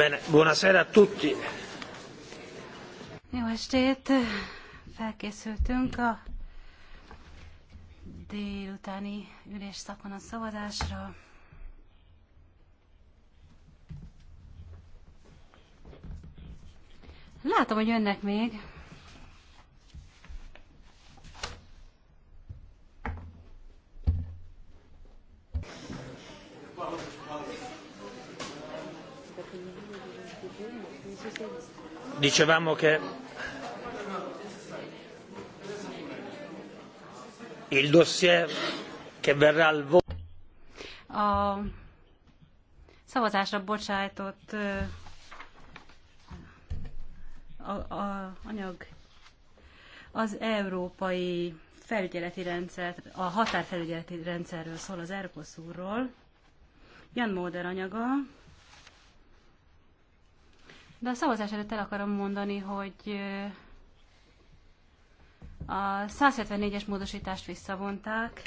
Bene, buonasera a tutti. Jó estét! Felkészültünk a délutáni ülésszakon a szavazásra. Látom, hogy jönnek még. dicevamo che il dossier che verrà al voto a szavazásra bocsájtott a, a anyag az európai felügyeleti rendszer, a határfelügyeleti rendszerről szól az Erkoszúrról. Jan Móder anyaga, de a szavazás előtt el akarom mondani, hogy a 174-es módosítást visszavonták.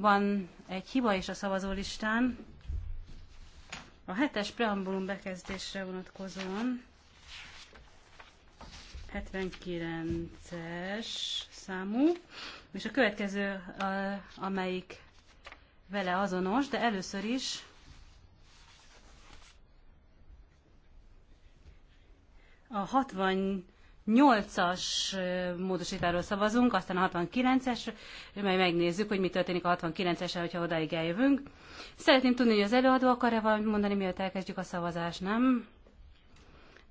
Van egy hiba is a szavazólistán. A hetes preambulum bekezdésre vonatkozóan 79-es számú, és a következő, amelyik vele azonos, de először is A 68-as módosítáról szavazunk, aztán a 69-es, majd megnézzük, hogy mi történik a 69-esre, hogyha odáig eljövünk. Szeretném tudni, hogy az előadó akar-e valamit mondani, mielőtt elkezdjük a szavazást, nem?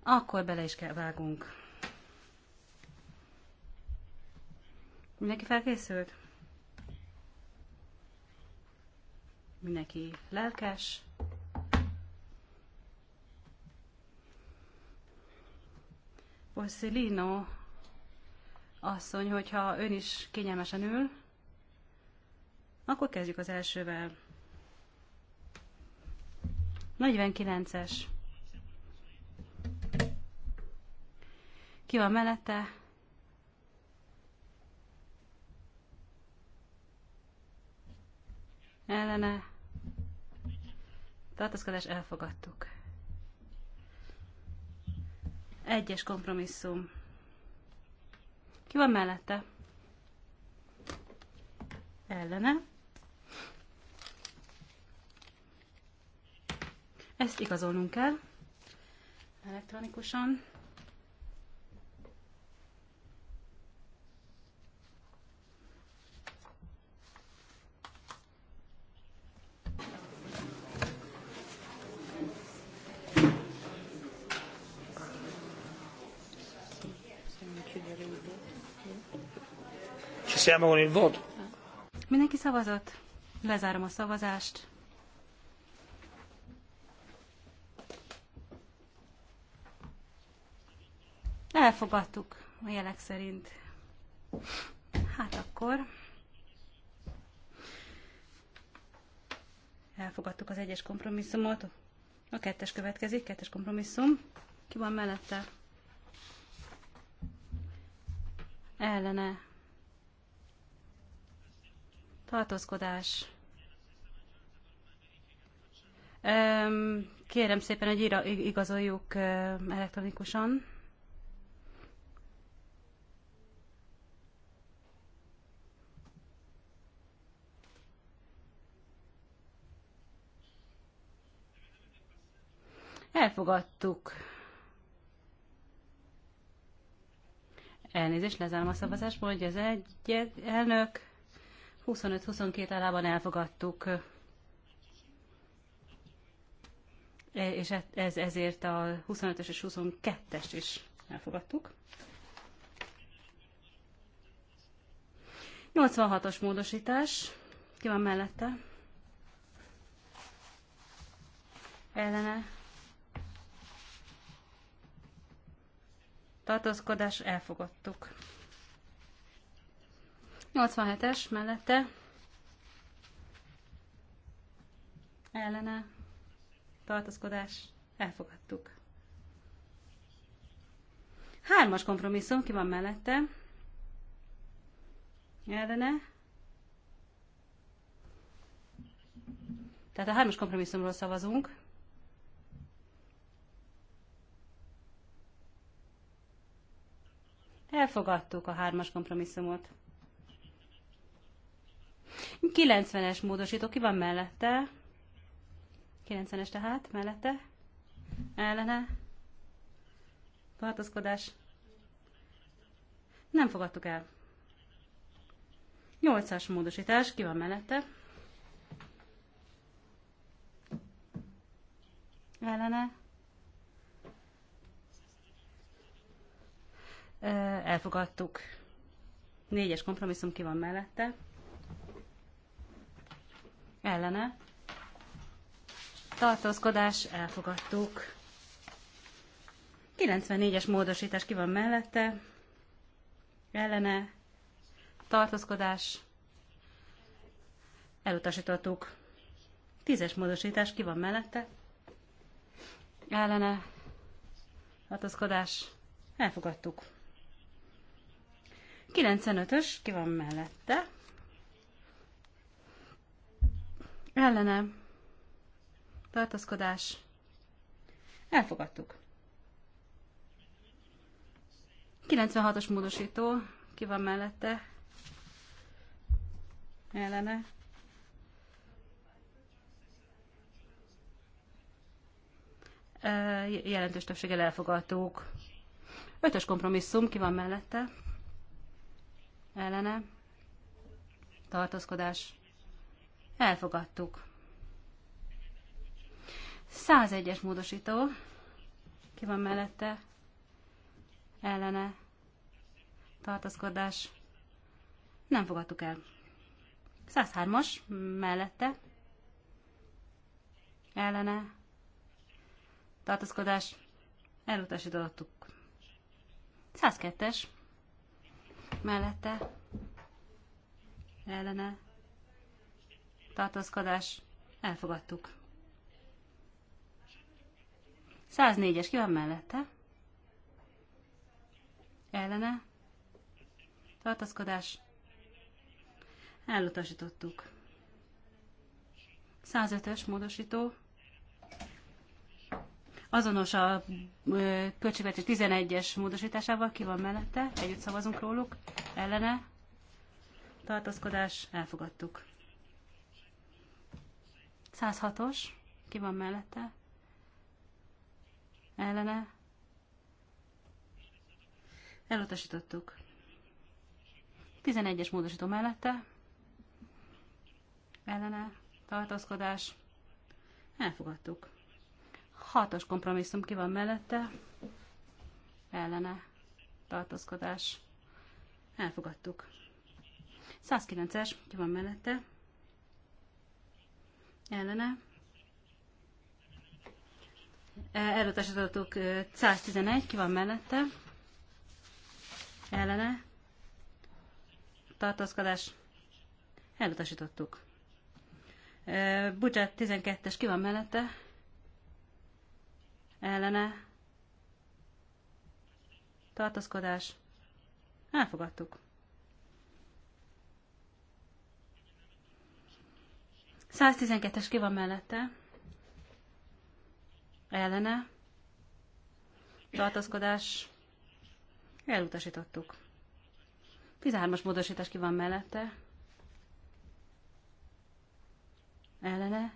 Akkor bele is kell vágunk. Mindenki felkészült? Mindenki lelkes? Borsellino asszony, hogyha ön is kényelmesen ül, akkor kezdjük az elsővel. 49-es. Ki van mellette? Ellene. Tartózkodás elfogadtuk. Egyes kompromisszum. Ki van mellette? Ellene. Ezt igazolnunk kell elektronikusan. Everybody vote. Mindenki szavazott? Lezárom a szavazást. Elfogadtuk a jelek szerint. Hát akkor elfogadtuk az egyes kompromisszumot. A kettes következik, kettes kompromisszum. Ki van mellette? Ellene Tartózkodás. Kérem szépen, hogy igazoljuk elektronikusan. Elfogadtuk. Elnézést, lezárom a szavazásból, hogy az egy elnök 25-22 alában elfogadtuk, e, és e, ez, ezért a 25 es és 22-est is elfogadtuk. 86-os módosítás. Ki van mellette? Ellene. Tartózkodás elfogadtuk. 87-es mellette ellene tartózkodás elfogadtuk. Hármas kompromisszum, ki van mellette? Ellene. Tehát a hármas kompromisszumról szavazunk. Elfogadtuk a hármas kompromisszumot. 90-es módosító, ki van mellette? 90-es tehát, mellette? Ellene? Tartozkodás? Nem fogadtuk el. 8-as módosítás, ki van mellette? Ellene? Elfogadtuk. Négyes kompromisszum ki van mellette ellene, tartózkodás, elfogadtuk. 94-es módosítás ki van mellette, ellene, tartózkodás, elutasítottuk. 10-es módosítás ki van mellette, ellene, tartózkodás, elfogadtuk. 95-ös ki van mellette, ellene tartózkodás elfogadtuk. 96-os módosító, ki van mellette? Ellene. Jelentős többséggel elfogadtuk. Ötös kompromisszum, ki van mellette? Ellene. Tartózkodás. Elfogadtuk. 101-es módosító. Ki van mellette? Ellene. Tartaszkodás. Nem fogadtuk el. 103-as mellette. Ellene. Tartaszkodás. Elutasítottuk. 102-es mellette. Ellene tartózkodás, elfogadtuk. 104-es, ki van mellette? Ellene, tartózkodás, elutasítottuk. 105-ös módosító, azonos a költségvetés 11-es módosításával, ki van mellette, együtt szavazunk róluk, ellene, tartózkodás, elfogadtuk. 106-os, ki van mellette? Ellene? Elutasítottuk. 11-es módosító mellette? Ellene? Tartózkodás? Elfogadtuk. 6-os kompromisszum ki van mellette? Ellene? Tartózkodás? Elfogadtuk. 109-es, ki van mellette? ellene. E, elutasítottuk 111, ki van mellette, ellene. Tartózkodás, elutasítottuk. Budget 12-es, ki van mellette, ellene. Tartózkodás, elfogadtuk. 112-es ki van mellette? Ellene. Tartozkodás. Elutasítottuk. 13-as módosítás ki van mellette? Ellene.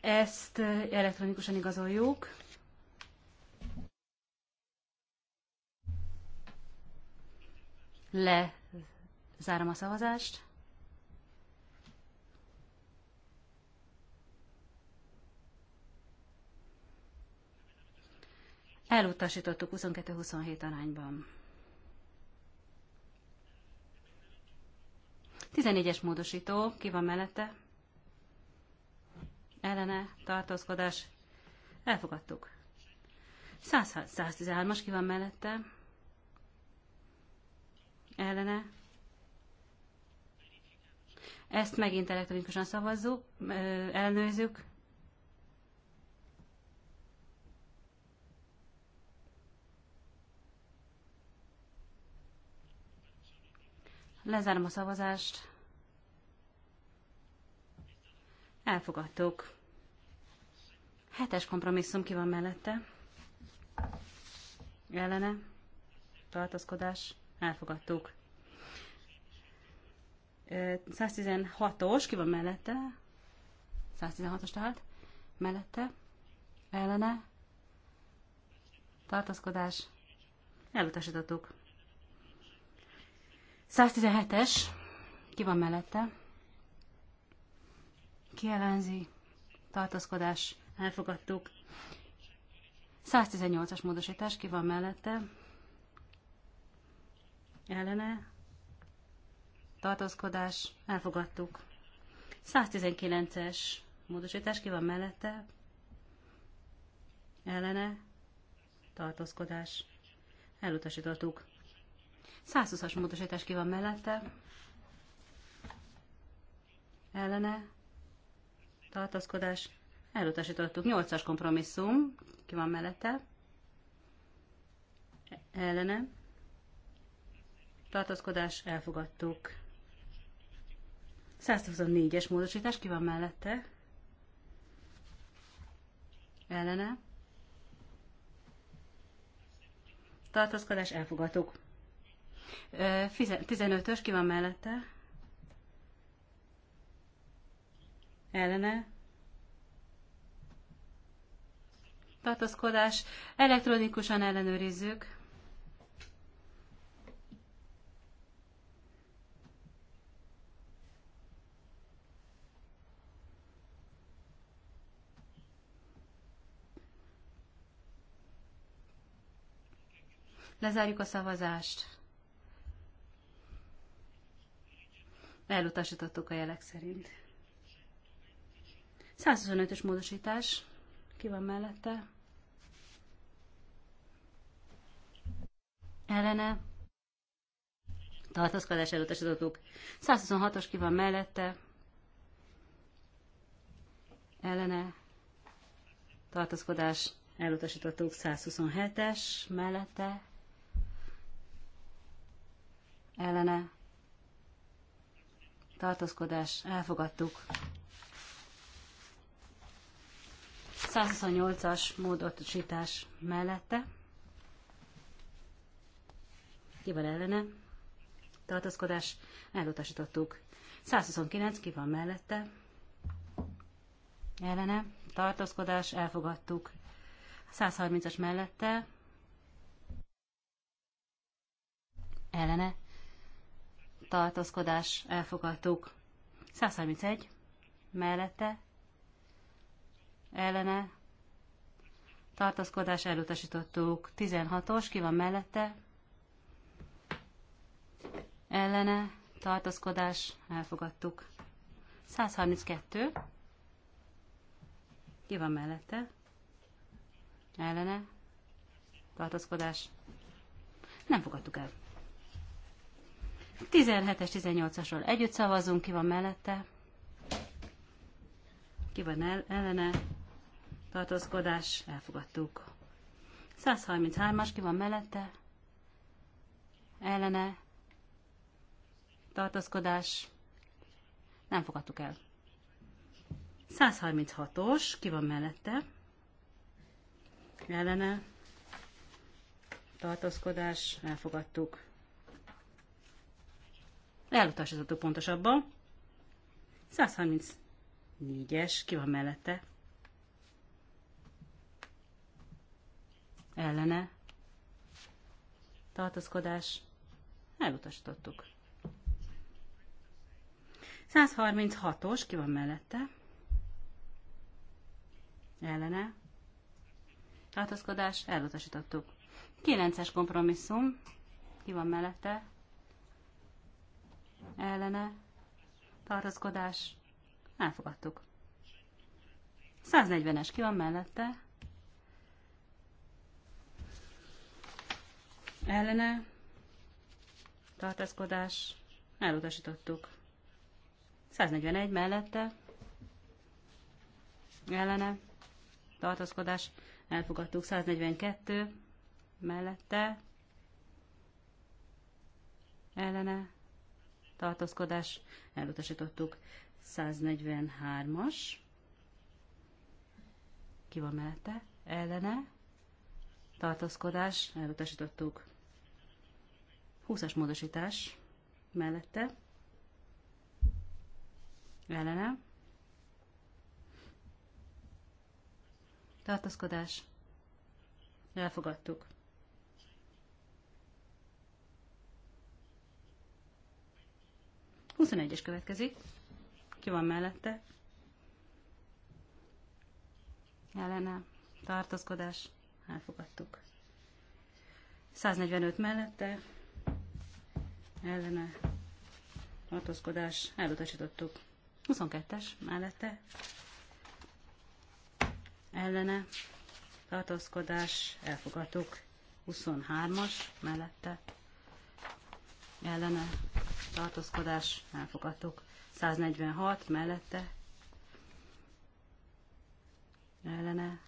Ezt elektronikusan igazoljuk. Le Zárom a szavazást. Elutasítottuk 22-27 arányban. 14-es módosító, ki van mellette? Ellene, tartózkodás, elfogadtuk. 100, 113-as, ki van mellette? Ellene, ezt megint elektronikusan szavazzuk, ellenőrizzük. Lezárom a szavazást. Elfogadtuk. Hetes kompromisszum ki van mellette. Ellene. Tartozkodás. Elfogadtuk. 116-os, ki van mellette? 116-os tehát. Mellette. Ellene. tartaszkodás, Elutasítottuk. 117-es. Ki van mellette? Ki ellenzi? Tartózkodás. Elfogadtuk. 118-as módosítás. Ki van mellette? Ellene tartózkodás, elfogadtuk. 119-es módosítás, ki van mellette? Ellene, tartózkodás, elutasítottuk. 120-as módosítás, ki van mellette? Ellene, tartózkodás, elutasítottuk. 8-as kompromisszum, ki van mellette? Ellene, tartózkodás, elfogadtuk. 124-es módosítás, ki van mellette? Ellene. Tartózkodás, elfogadtuk. 15-ös, ki van mellette? Ellene. Tartózkodás, elektronikusan ellenőrizzük. Lezárjuk a szavazást. Elutasítottuk a jelek szerint. 125-ös módosítás. Ki van mellette? Ellene. Tartózkodás elutasítottuk. 126-os ki van mellette? Ellene. Tartózkodás elutasítottuk. 127-es mellette? ellene tartózkodás elfogadtuk. 128-as módosítás mellette. Ki van ellene? Tartózkodás elutasítottuk. 129 ki van mellette? Ellene? Tartózkodás elfogadtuk. 130-as mellette? Ellene? tartózkodás elfogadtuk. 131 mellette ellene tartózkodás elutasítottuk. 16-os ki van mellette ellene tartózkodás elfogadtuk. 132 ki van mellette ellene tartózkodás nem fogadtuk el. 17-es, 18-asról együtt szavazunk, ki van mellette, ki van el, ellene, tartózkodás, elfogadtuk. 133-as, ki van mellette, ellene, tartózkodás, nem fogadtuk el. 136-os, ki van mellette, ellene, tartózkodás, elfogadtuk. Elutasítottuk pontosabban. 134-es, ki van mellette? Ellene. Tartozkodás. Elutasítottuk. 136-os, ki van mellette? Ellene. Tartozkodás. elutasítottuk. 9-es kompromisszum, ki van mellette? ellene tartozkodás. elfogadtuk. 140-es ki van mellette, ellene tartozkodás. elutasítottuk. 141 mellette ellene tartozkodás. elfogadtuk. 142 mellette ellene tartózkodás, elutasítottuk 143-as, ki van mellette, ellene, tartózkodás, elutasítottuk 20-as módosítás mellette, ellene, tartózkodás, elfogadtuk 21-es következik. Ki van mellette? Jelene, Tartózkodás. Elfogadtuk. 145 mellette. Ellene. Tartózkodás. Elutasítottuk. 22-es mellette. Ellene. Tartózkodás. Elfogadtuk. 23-as mellette. Ellene tartózkodás, elfogadtuk. 146 mellette, ellene,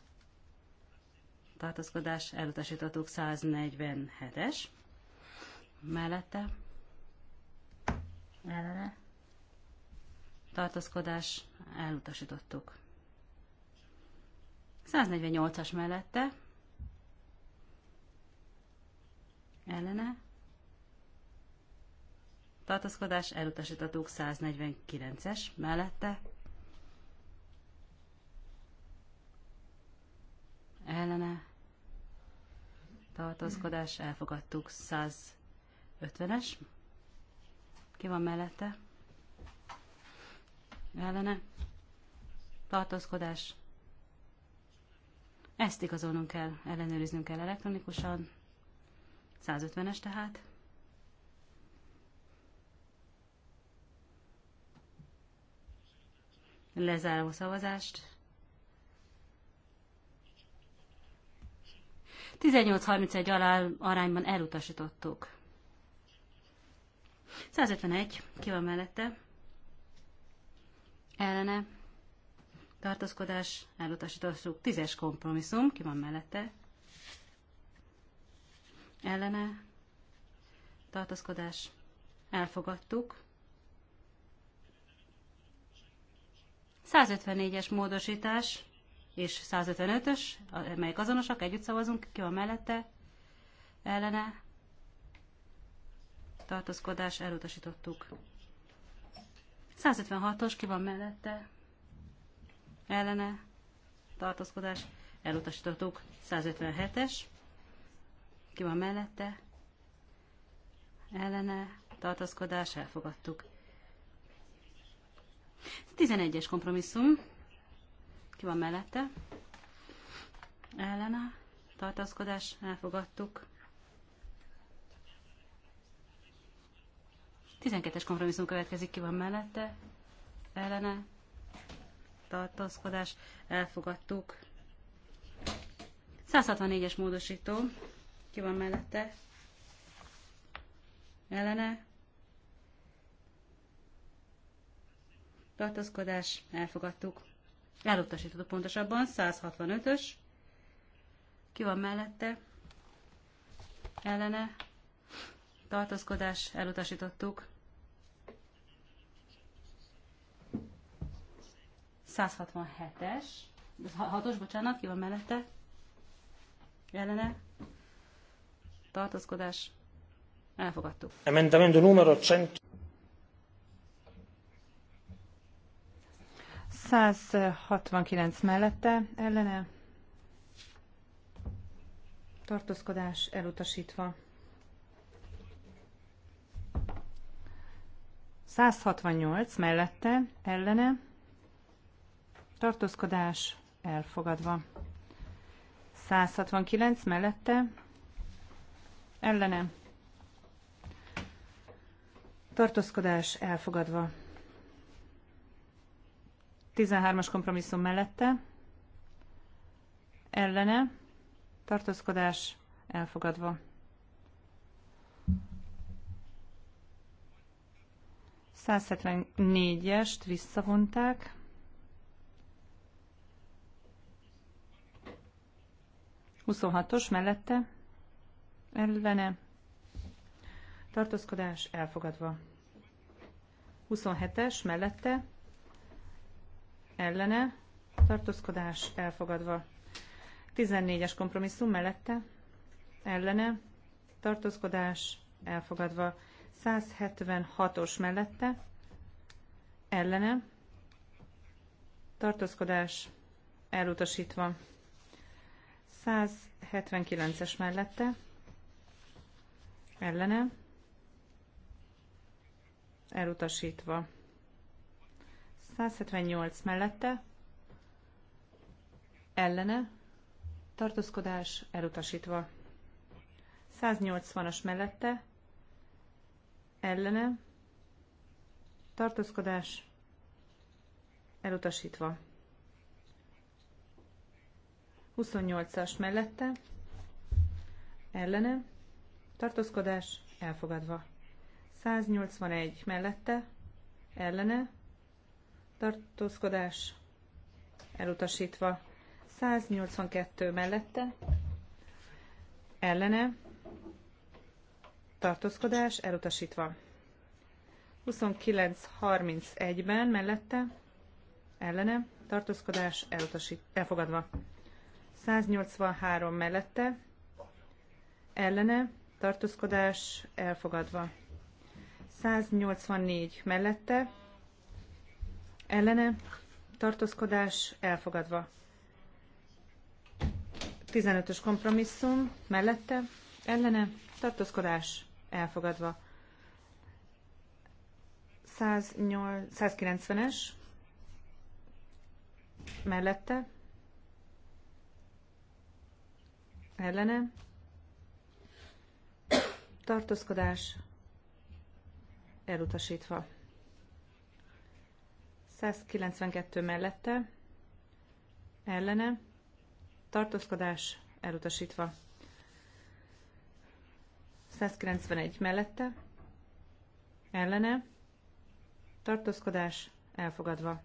tartózkodás, elutasítottuk 147-es, mellette, ellene, tartózkodás, elutasítottuk. 148-as mellette, ellene, tartózkodás elutasítatók 149-es mellette, ellene tartózkodás elfogadtuk 150-es, ki van mellette, ellene tartózkodás, ezt igazolnunk kell, ellenőriznünk kell elektronikusan, 150-es tehát, Lezárom a szavazást. 18-31 alá arányban elutasítottuk. 151, ki van mellette? Ellene. Tartózkodás, elutasítottuk. 10-es kompromisszum, ki van mellette? Ellene. Tartózkodás, elfogadtuk. 154-es módosítás és 155-ös, melyek azonosak, együtt szavazunk, ki van mellette, ellene, tartózkodás, elutasítottuk. 156-os, ki van mellette, ellene, tartózkodás, elutasítottuk. 157-es, ki van mellette, ellene, tartózkodás, elfogadtuk. 11-es kompromisszum. Ki van mellette? Ellene. Tartaszkodás. Elfogadtuk. 12-es kompromisszum következik. Ki van mellette? Ellene. Tartaszkodás. Elfogadtuk. 164-es módosító. Ki van mellette? Ellene. tartózkodás, elfogadtuk. Elutasítottuk pontosabban, 165-ös. Ki van mellette? Ellene. Tartózkodás, elutasítottuk. 167-es. 6-os, bocsánat, ki van mellette? Ellene. Tartózkodás, elfogadtuk. Emendamento numero 100. 169 mellette ellene tartózkodás elutasítva. 168 mellette ellene tartózkodás elfogadva. 169 mellette ellene tartózkodás elfogadva. 13-as kompromisszum mellette, ellene, tartózkodás elfogadva. 174-est visszavonták. Huszonhatos mellette, ellene, tartózkodás elfogadva. 27-es mellette, ellene, tartózkodás elfogadva. 14-es kompromisszum mellette, ellene, tartózkodás elfogadva. 176-os mellette, ellene, tartózkodás elutasítva. 179-es mellette, ellene, elutasítva. 178 mellette, ellene, tartózkodás elutasítva. 180-as mellette, ellene, tartózkodás elutasítva. 28-as mellette, ellene, tartózkodás elfogadva. 181 mellette, ellene, tartózkodás elutasítva. 182 mellette ellene tartózkodás elutasítva. 29.31-ben mellette ellene tartózkodás elutasít, elfogadva. 183 mellette ellene tartózkodás elfogadva. 184 mellette ellene tartózkodás elfogadva. 15-ös kompromisszum mellette ellene tartózkodás elfogadva. 190-es mellette ellene tartózkodás elutasítva. 192 mellette, ellene, tartózkodás elutasítva. 191 mellette, ellene, tartózkodás elfogadva.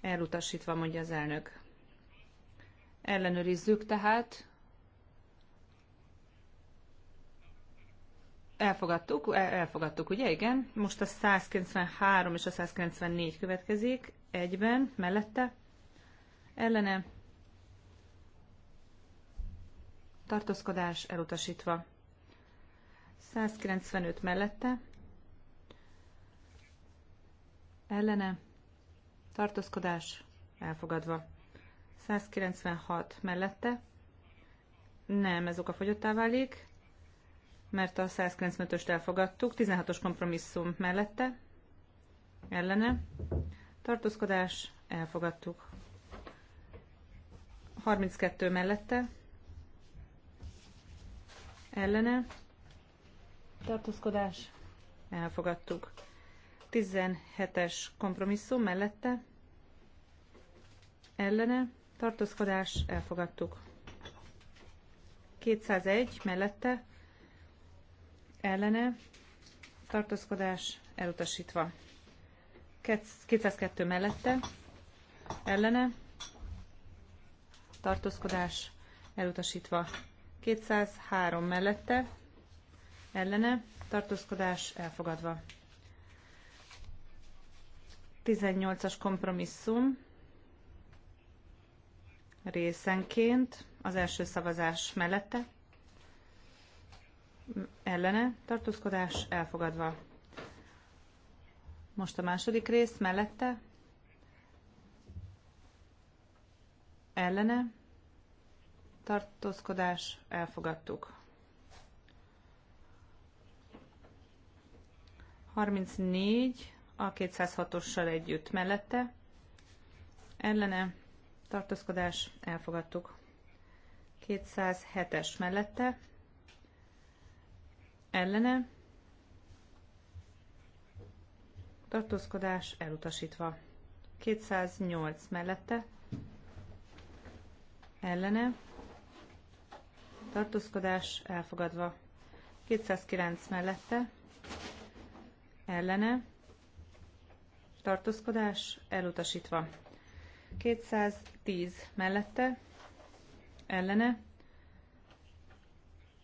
Elutasítva, mondja az elnök. Ellenőrizzük tehát Elfogadtuk, elfogadtuk, ugye? Igen. Most a 193 és a 194 következik egyben, mellette. Ellene tartózkodás elutasítva. 195 mellette. Ellene tartózkodás elfogadva. 196 mellette. Nem, ez fogyottá válik mert a 195-öst elfogadtuk, 16-os kompromisszum mellette, ellene, tartózkodás, elfogadtuk. 32 mellette, ellene, tartózkodás, elfogadtuk. 17-es kompromisszum mellette, ellene, tartózkodás, elfogadtuk. 201 mellette, ellene, tartózkodás elutasítva. 202 mellette, ellene, tartózkodás elutasítva. 203 mellette, ellene, tartózkodás elfogadva. 18-as kompromisszum részenként az első szavazás mellette, ellene tartózkodás elfogadva. Most a második rész mellette ellene tartózkodás elfogadtuk. 34 a 206-ossal együtt mellette ellene tartózkodás elfogadtuk. 207-es mellette ellene, tartózkodás elutasítva. 208 mellette, ellene, tartózkodás elfogadva. 209 mellette, ellene, tartózkodás elutasítva. 210 mellette, ellene,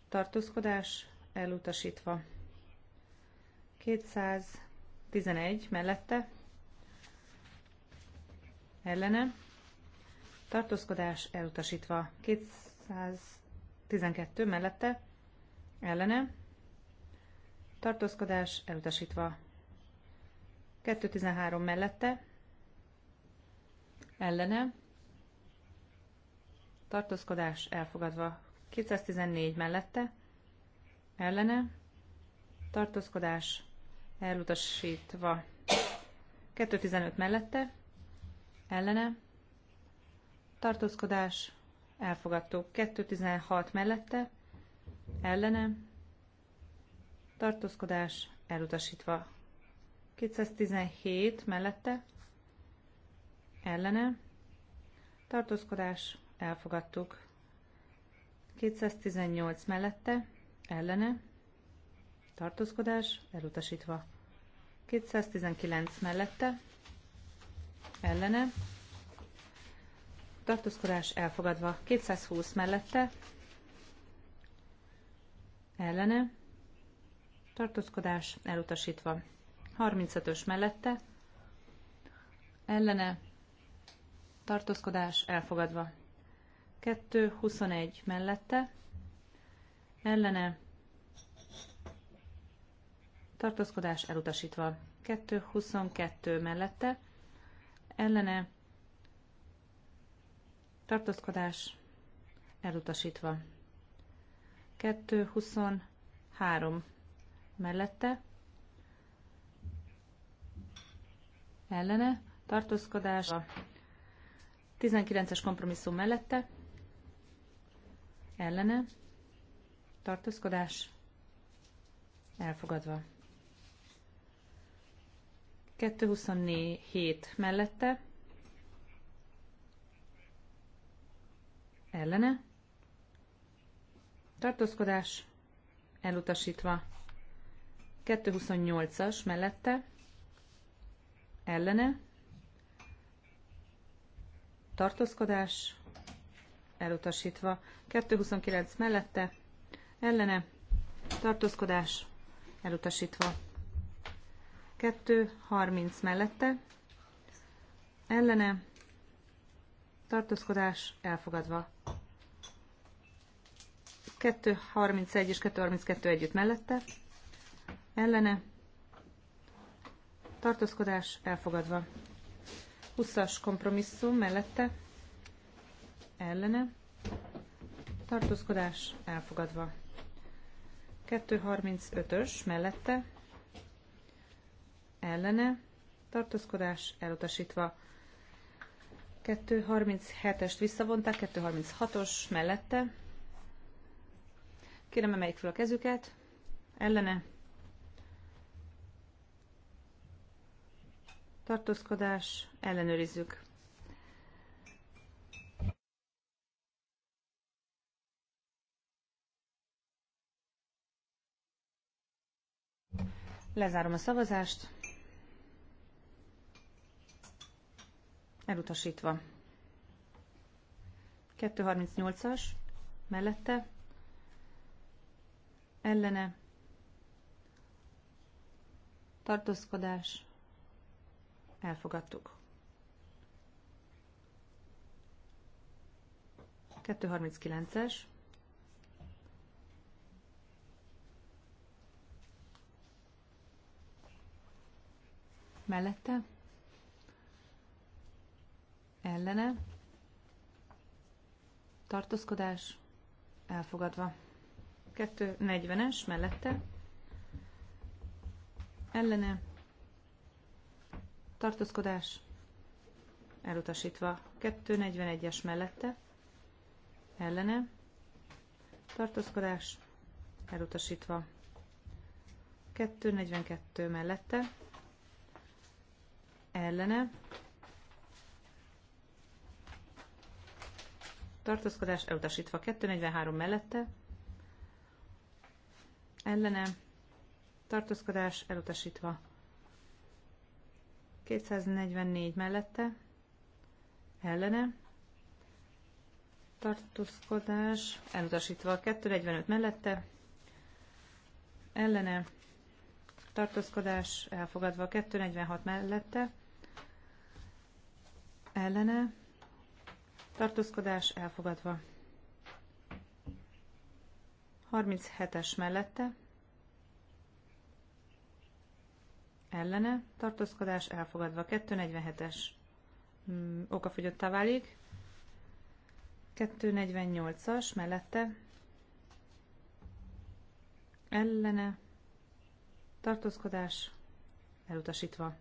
tartózkodás elutasítva. 211 mellette, ellene, tartózkodás elutasítva. 212 mellette, ellene, tartózkodás elutasítva. 213 mellette, ellene, tartózkodás elfogadva. 214 mellette, ellene, tartózkodás elutasítva. 215 mellette, ellene, tartózkodás elfogadtó, 216 mellette, ellene, tartózkodás elutasítva. 217 mellette, ellene, tartózkodás elfogadtuk. 218 mellette, ellene, tartózkodás, elutasítva. 219 mellette, ellene, tartózkodás elfogadva. 220 mellette, ellene, tartózkodás elutasítva. 35-ös mellette, ellene, tartózkodás elfogadva. 221 mellette, ellene tartózkodás elutasítva. 2.22 mellette ellene tartózkodás elutasítva. 2.23 mellette ellene tartózkodás a 19-es kompromisszum mellette ellene tartózkodás elfogadva. 227 mellette ellene tartózkodás elutasítva. 228-as mellette ellene tartózkodás elutasítva. 229 mellette ellene, tartózkodás elutasítva. 2.30 mellette, ellene, tartózkodás elfogadva. 2.31 és 2.32 együtt mellette, ellene, tartózkodás elfogadva. 20-as kompromisszum mellette, ellene, tartózkodás elfogadva. 235-ös mellette ellene tartózkodás elutasítva. 237-est visszavonták, 236-os mellette. Kérem, emeljék fel a kezüket. Ellene. Tartózkodás, ellenőrizzük. Lezárom a szavazást. Elutasítva. 238-as, mellette, ellene, tartózkodás, elfogadtuk. 239-es, mellette, ellene, tartózkodás, elfogadva. 240-es mellette, ellene, tartózkodás, elutasítva. 241-es mellette, ellene, tartózkodás, elutasítva. 242 mellette, ellene, tartózkodás elutasítva 243 mellette, ellene, tartózkodás elutasítva 244 mellette, ellene, tartózkodás elutasítva 245 mellette, ellene, tartózkodás elfogadva 246 mellette, ellene, tartózkodás elfogadva. 37-es mellette, ellene, tartózkodás elfogadva. 247-es mm, okafogyottá válik. 248-as mellette, ellene, tartózkodás elutasítva.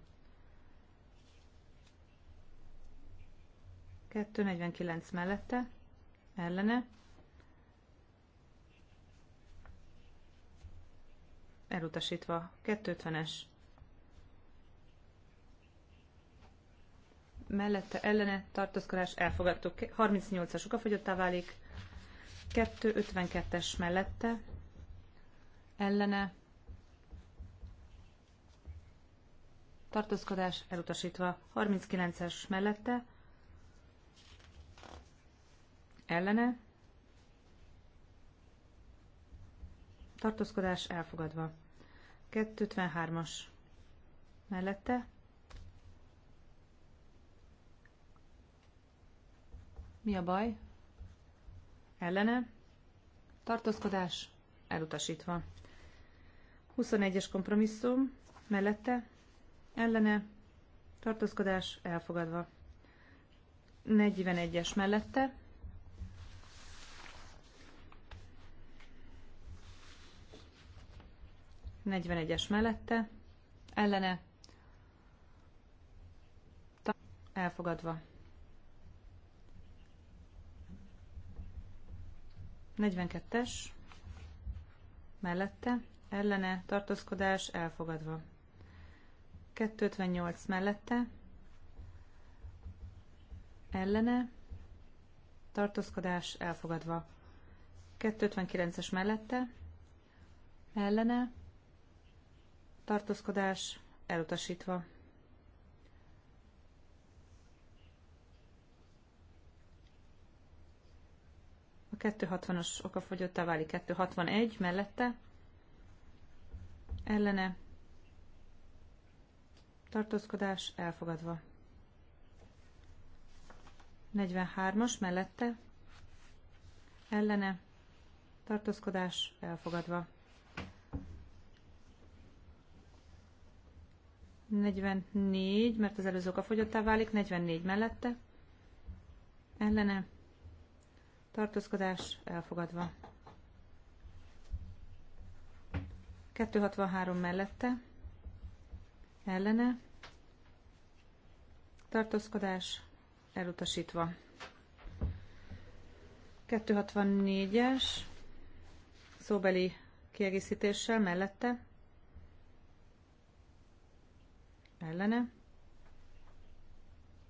249 mellette, ellene, elutasítva, 250-es, mellette, ellene, tartózkodás, elfogadtuk, 38-as okafogyottá válik, 252-es mellette, ellene, tartózkodás, elutasítva, 39-es mellette, ellene, tartózkodás elfogadva. 253-as mellette, mi a baj, ellene, tartózkodás elutasítva. 21-es kompromisszum mellette, ellene, tartózkodás elfogadva. 41-es mellette, 41-es mellette, ellene, elfogadva. 42-es, mellette, ellene, tartózkodás, elfogadva. 258 mellette, ellene, tartózkodás, elfogadva. 259-es mellette, ellene, tartózkodás elutasítva. A 260-as okafogyottá válik 261 mellette, ellene tartózkodás elfogadva. 43-as mellette, ellene tartózkodás elfogadva. 44, mert az előző fogyottá válik, 44 mellette, ellene, tartózkodás elfogadva. 263 mellette, ellene, tartózkodás elutasítva. 264-es szóbeli kiegészítéssel mellette, ellene,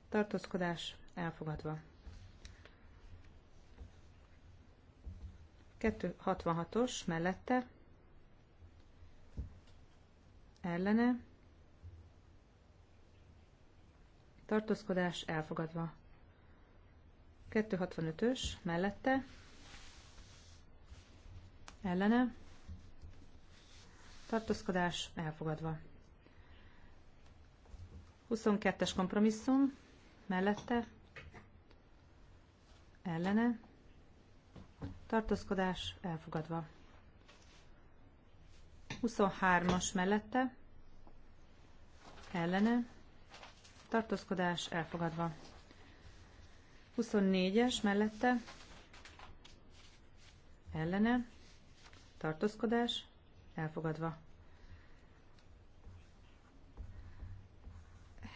tartózkodás elfogadva. 266-os mellette, ellene, tartózkodás elfogadva. 265-ös mellette, ellene, tartózkodás elfogadva. 22-es kompromisszum mellette ellene tartózkodás elfogadva. 23-as mellette ellene tartózkodás elfogadva. 24-es mellette ellene tartózkodás elfogadva.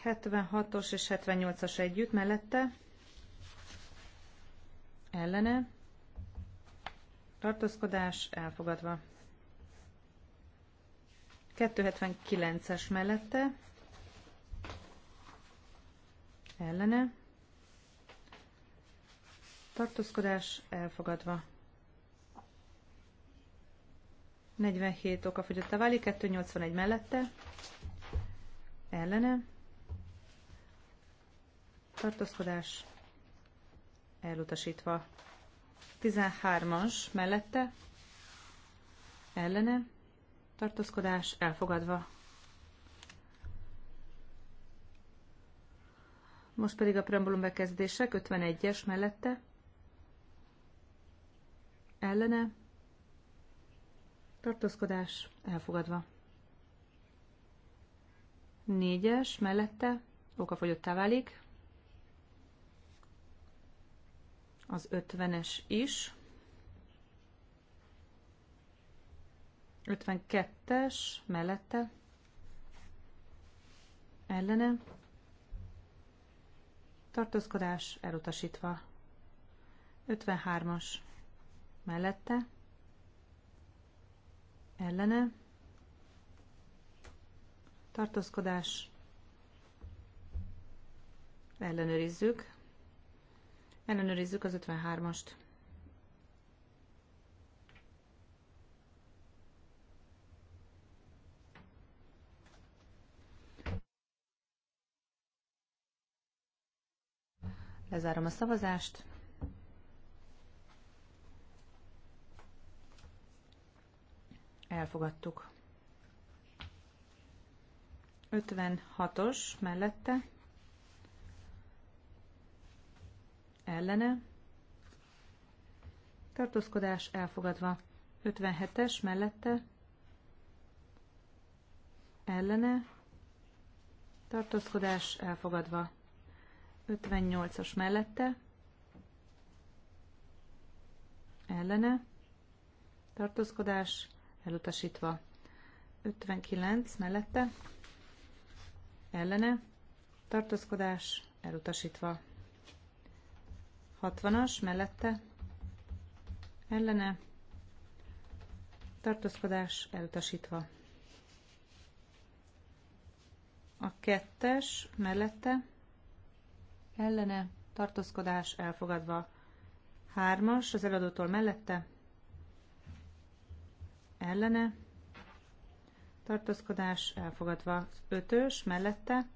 76-os és 78-as együtt mellette, ellene, tartózkodás elfogadva. 279-es mellette, ellene, tartózkodás elfogadva. 47 oka fogyott a váli, 281 mellette, ellene, tartózkodás elutasítva. 13-as mellette ellene tartózkodás elfogadva. Most pedig a preambulum bekezdések 51-es mellette ellene tartózkodás elfogadva. 4-es mellette okafogyottá válik. az 50-es is. 52-es mellette ellene tartózkodás elutasítva. 53-as mellette ellene tartózkodás ellenőrizzük. Ellenőrizzük az 53-ast. Lezárom a szavazást. Elfogadtuk. 56-os mellette ellene, tartózkodás elfogadva. 57-es mellette, ellene, tartózkodás elfogadva. 58-as mellette, ellene, tartózkodás elutasítva. 59 mellette, ellene, tartózkodás elutasítva. 60-as mellette ellene tartózkodás elutasítva. A kettes mellette ellene tartózkodás elfogadva. Hármas az eladótól mellette ellene tartózkodás elfogadva. Ötös mellette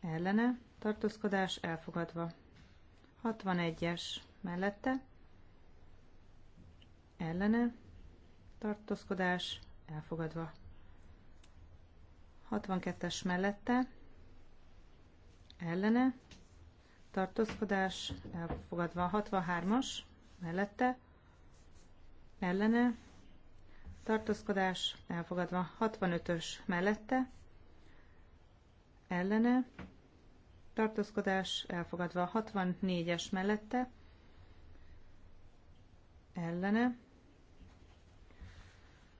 ellene tartózkodás elfogadva. 61-es mellette, ellene, tartózkodás, elfogadva. 62-es mellette, ellene, tartózkodás, elfogadva. 63-as mellette, ellene, tartózkodás, elfogadva. 65-ös mellette, ellene, tartózkodás elfogadva 64-es mellette, ellene,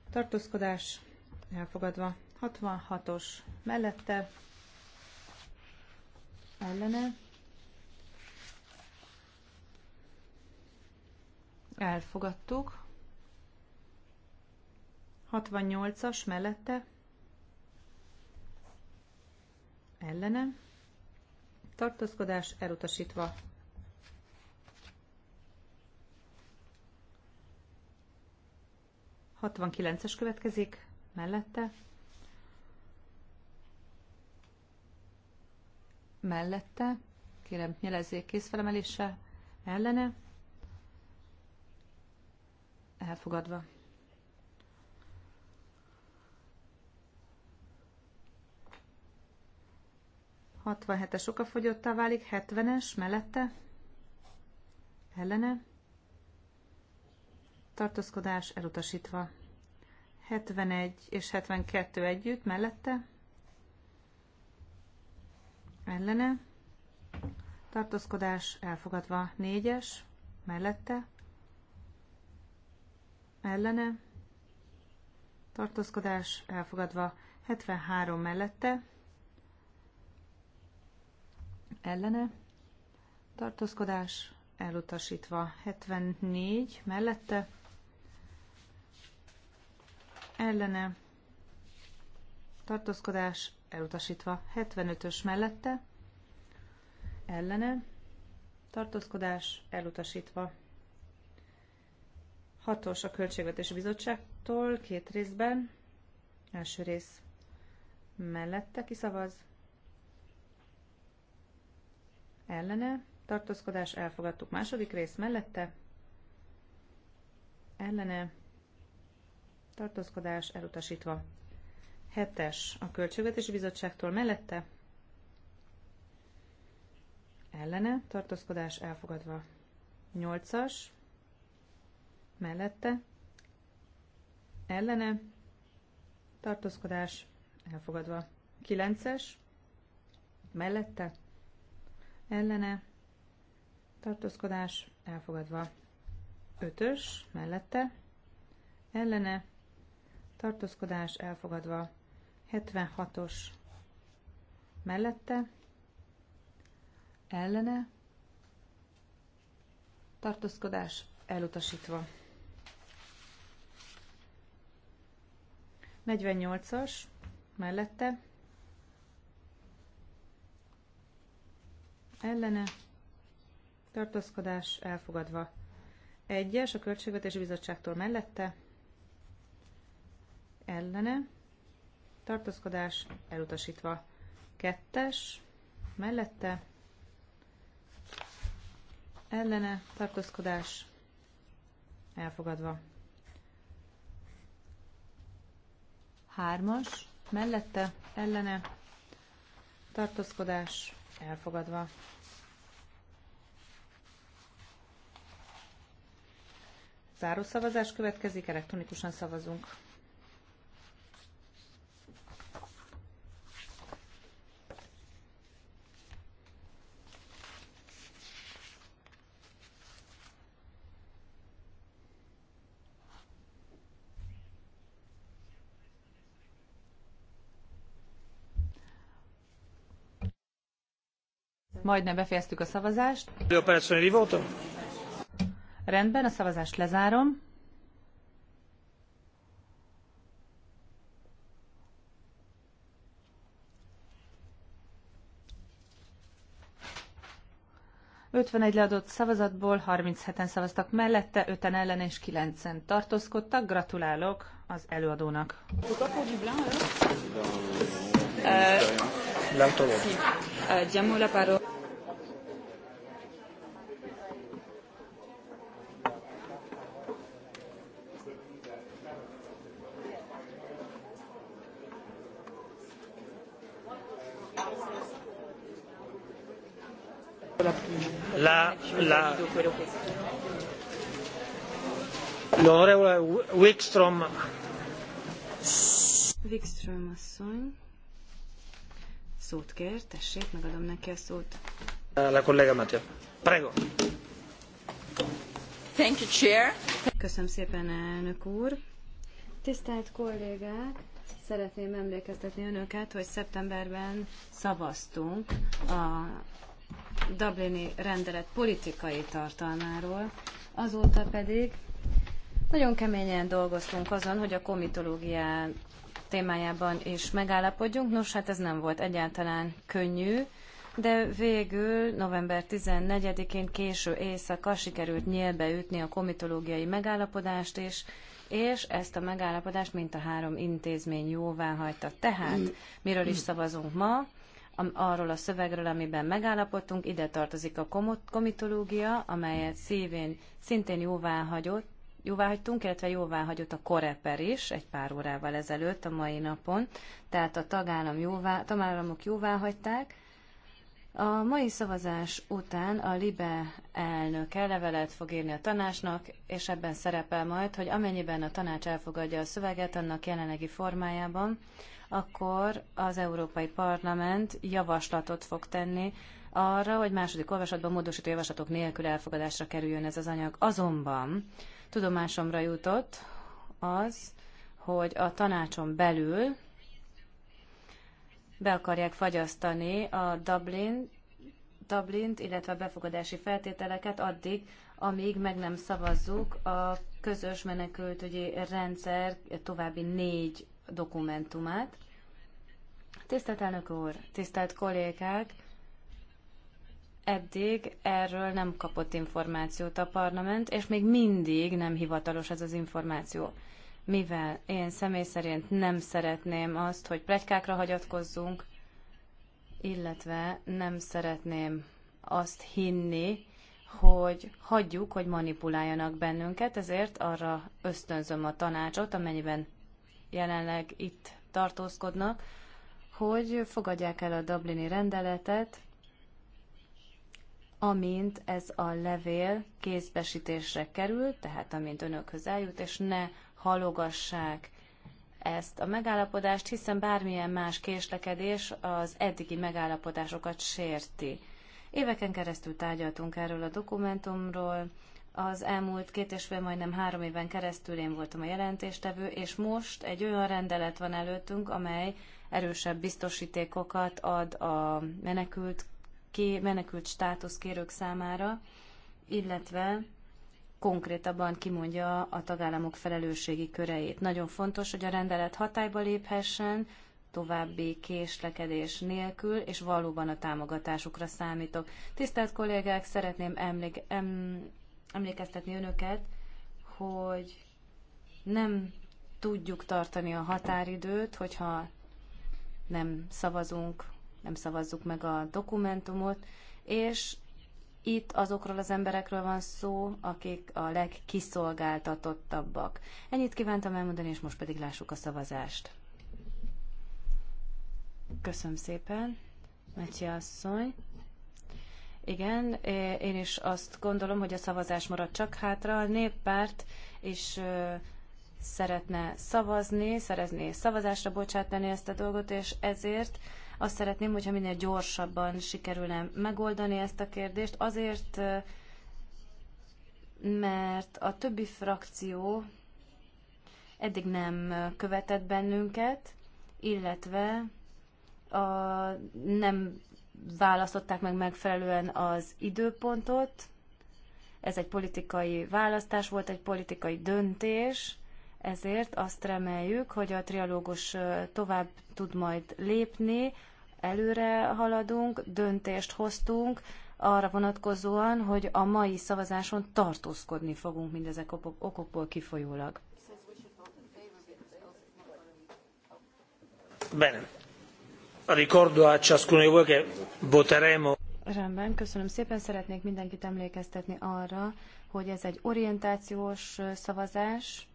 tartózkodás elfogadva 66-os mellette, ellene, elfogadtuk, 68-as mellette, ellene, tartózkodás elutasítva. kilences következik, mellette. Mellette, kérem nyelezzék kézfelemeléssel, ellene. Elfogadva. 67-es okafogyottá válik, 70-es mellette, ellene, tartózkodás elutasítva. 71 és 72 együtt mellette, ellene, tartózkodás elfogadva. 4-es mellette, ellene, tartózkodás elfogadva. 73 mellette, ellene, tartózkodás elutasítva 74 mellette, ellene, tartózkodás elutasítva 75-ös mellette, ellene, tartózkodás elutasítva 6-os a Költségvetési Bizottságtól két részben, első rész mellette kiszavaz, ellene, tartózkodás elfogadtuk. Második rész mellette, ellene, tartózkodás elutasítva. Hetes a Költségvetési Bizottságtól mellette, ellene, tartózkodás elfogadva. Nyolcas, mellette, ellene, tartózkodás elfogadva. Kilences, mellette, ellene, tartózkodás elfogadva. Ötös mellette, ellene, tartózkodás elfogadva. 76-os mellette, ellene, tartózkodás elutasítva. 48-as mellette, ellene tartózkodás elfogadva. Egyes a Költségvetési Bizottságtól mellette ellene tartózkodás elutasítva. Kettes mellette ellene tartózkodás elfogadva. Hármas mellette ellene tartózkodás elfogadva. Záró szavazás következik, elektronikusan szavazunk. Majdnem befejeztük a szavazást. Rendben, a szavazást lezárom. Ötvenegy leadott szavazatból 37-en szavaztak mellette, 5-en ellen és 9-en tartózkodtak. Gratulálok az előadónak. Uh, l'altro Sì. Uh, diamo la parola. La, la, l'onorevole Wikstrom Wikström asszony szót kér. Tessék, megadom neki a szót. La kollega Matteo. Prego. Thank you, Chair. Köszönöm szépen, elnök úr. Tisztelt kollégák, szeretném emlékeztetni önöket, hogy szeptemberben szavaztunk a Dublini rendelet politikai tartalmáról, azóta pedig nagyon keményen dolgoztunk azon, hogy a komitológián témájában is megállapodjunk. Nos, hát ez nem volt egyáltalán könnyű, de végül november 14-én késő éjszaka sikerült nyílbe ütni a komitológiai megállapodást is, és ezt a megállapodást mint a három intézmény jóvá hagyta. Tehát, miről is szavazunk ma? arról a szövegről, amiben megállapodtunk, ide tartozik a komitológia, amelyet szívén szintén jóvá hagyott, jóvá hagytunk, illetve jóvá hagyott a Koreper is egy pár órával ezelőtt a mai napon, tehát a tagállam jóvá, tagállamok jóvá hagyták. A mai szavazás után a LIBE elnöke levelet fog írni a tanácsnak, és ebben szerepel majd, hogy amennyiben a tanács elfogadja a szöveget annak jelenlegi formájában, akkor az Európai Parlament javaslatot fog tenni arra, hogy második olvasatban módosító javaslatok nélkül elfogadásra kerüljön ez az anyag. Azonban Tudomásomra jutott az, hogy a tanácson belül be akarják fagyasztani a Dublin, Dublin- illetve a befogadási feltételeket addig, amíg meg nem szavazzuk a közös menekültügyi rendszer további négy dokumentumát. Tisztelt elnök úr, tisztelt kollégák, eddig erről nem kapott információt a parlament, és még mindig nem hivatalos ez az információ. Mivel én személy szerint nem szeretném azt, hogy plegykákra hagyatkozzunk, illetve nem szeretném azt hinni, hogy hagyjuk, hogy manipuláljanak bennünket, ezért arra ösztönzöm a tanácsot, amennyiben jelenleg itt tartózkodnak, hogy fogadják el a Dublini rendeletet, amint ez a levél kézbesítésre kerül, tehát amint önökhöz eljut, és ne halogassák ezt a megállapodást, hiszen bármilyen más késlekedés az eddigi megállapodásokat sérti. Éveken keresztül tárgyaltunk erről a dokumentumról, az elmúlt két és fél, majdnem három éven keresztül én voltam a jelentéstevő, és most egy olyan rendelet van előttünk, amely erősebb biztosítékokat ad a menekült ké, menekült státuszkérők számára, illetve konkrétabban kimondja a tagállamok felelősségi köreit. Nagyon fontos, hogy a rendelet hatályba léphessen, további késlekedés nélkül, és valóban a támogatásukra számítok. Tisztelt kollégák, szeretném emlék, em, emlékeztetni önöket, hogy nem tudjuk tartani a határidőt, hogyha nem szavazunk nem szavazzuk meg a dokumentumot, és itt azokról az emberekről van szó, akik a legkiszolgáltatottabbak. Ennyit kívántam elmondani, és most pedig lássuk a szavazást. Köszönöm szépen, Metsi asszony. Igen, én is azt gondolom, hogy a szavazás marad csak hátra. A néppárt is szeretne szavazni, szerezni szavazásra bocsátani ezt a dolgot, és ezért azt szeretném, hogyha minél gyorsabban sikerülne megoldani ezt a kérdést, azért, mert a többi frakció eddig nem követett bennünket, illetve a, nem választották meg megfelelően az időpontot. Ez egy politikai választás volt, egy politikai döntés, ezért azt reméljük, hogy a trialógus tovább tud majd lépni, előre haladunk, döntést hoztunk arra vonatkozóan, hogy a mai szavazáson tartózkodni fogunk mindezek okokból kifolyólag. Bene. Ricordo a ciascuno di voi che voteremo. Rendben, köszönöm szépen. Szeretnék mindenkit emlékeztetni arra, hogy ez egy orientációs szavazás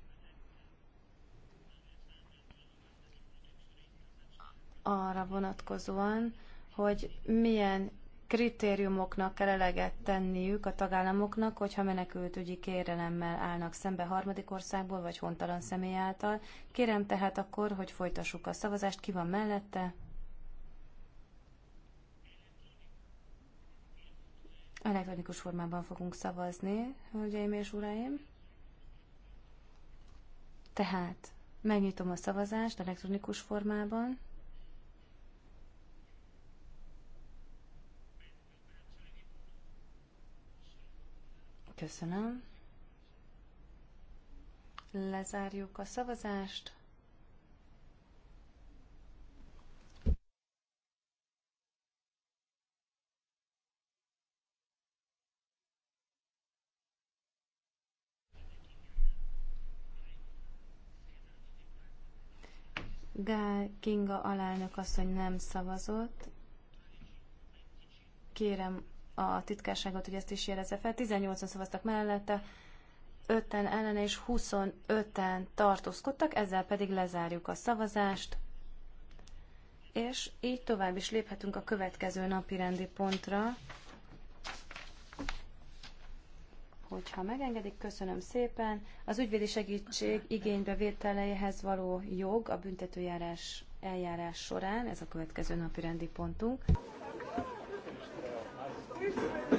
arra vonatkozóan, hogy milyen kritériumoknak kell eleget tenniük a tagállamoknak, hogyha menekültügyi kérelemmel állnak szembe harmadik országból vagy hontalan személy által. Kérem tehát akkor, hogy folytassuk a szavazást. Ki van mellette? Elektronikus formában fogunk szavazni, hölgyeim és uraim. Tehát megnyitom a szavazást elektronikus formában. Köszönöm. Lezárjuk a szavazást. Gál Kinga alelnök hogy nem szavazott. Kérem a titkárságot, hogy ezt is jelezze fel. 18-an szavaztak mellette, 5-en ellene és 25-en tartózkodtak, ezzel pedig lezárjuk a szavazást. És így tovább is léphetünk a következő napi rendi pontra. Hogyha megengedik, köszönöm szépen. Az ügyvédi segítség igénybevételeihez való jog a büntetőjárás eljárás során, ez a következő napi rendi pontunk. Thank you.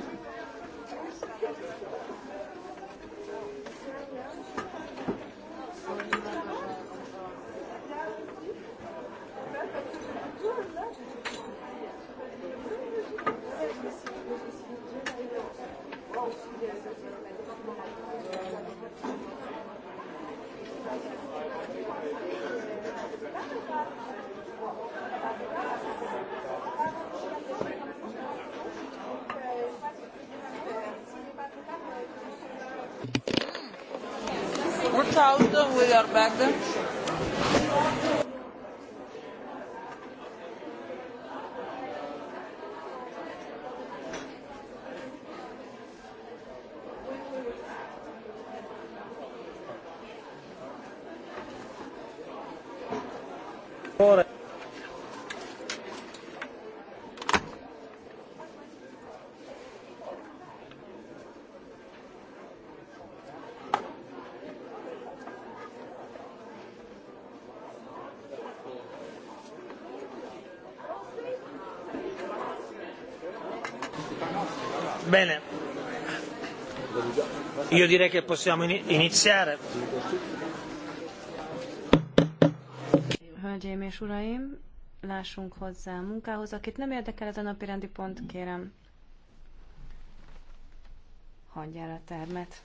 we are back Bene, io direi che possiamo iniziare. Hölgyeim és uraim, lássunk hozzá a munkához. Akit nem érdekel ez a napi rendi pont, kérem, hagyja el a termet.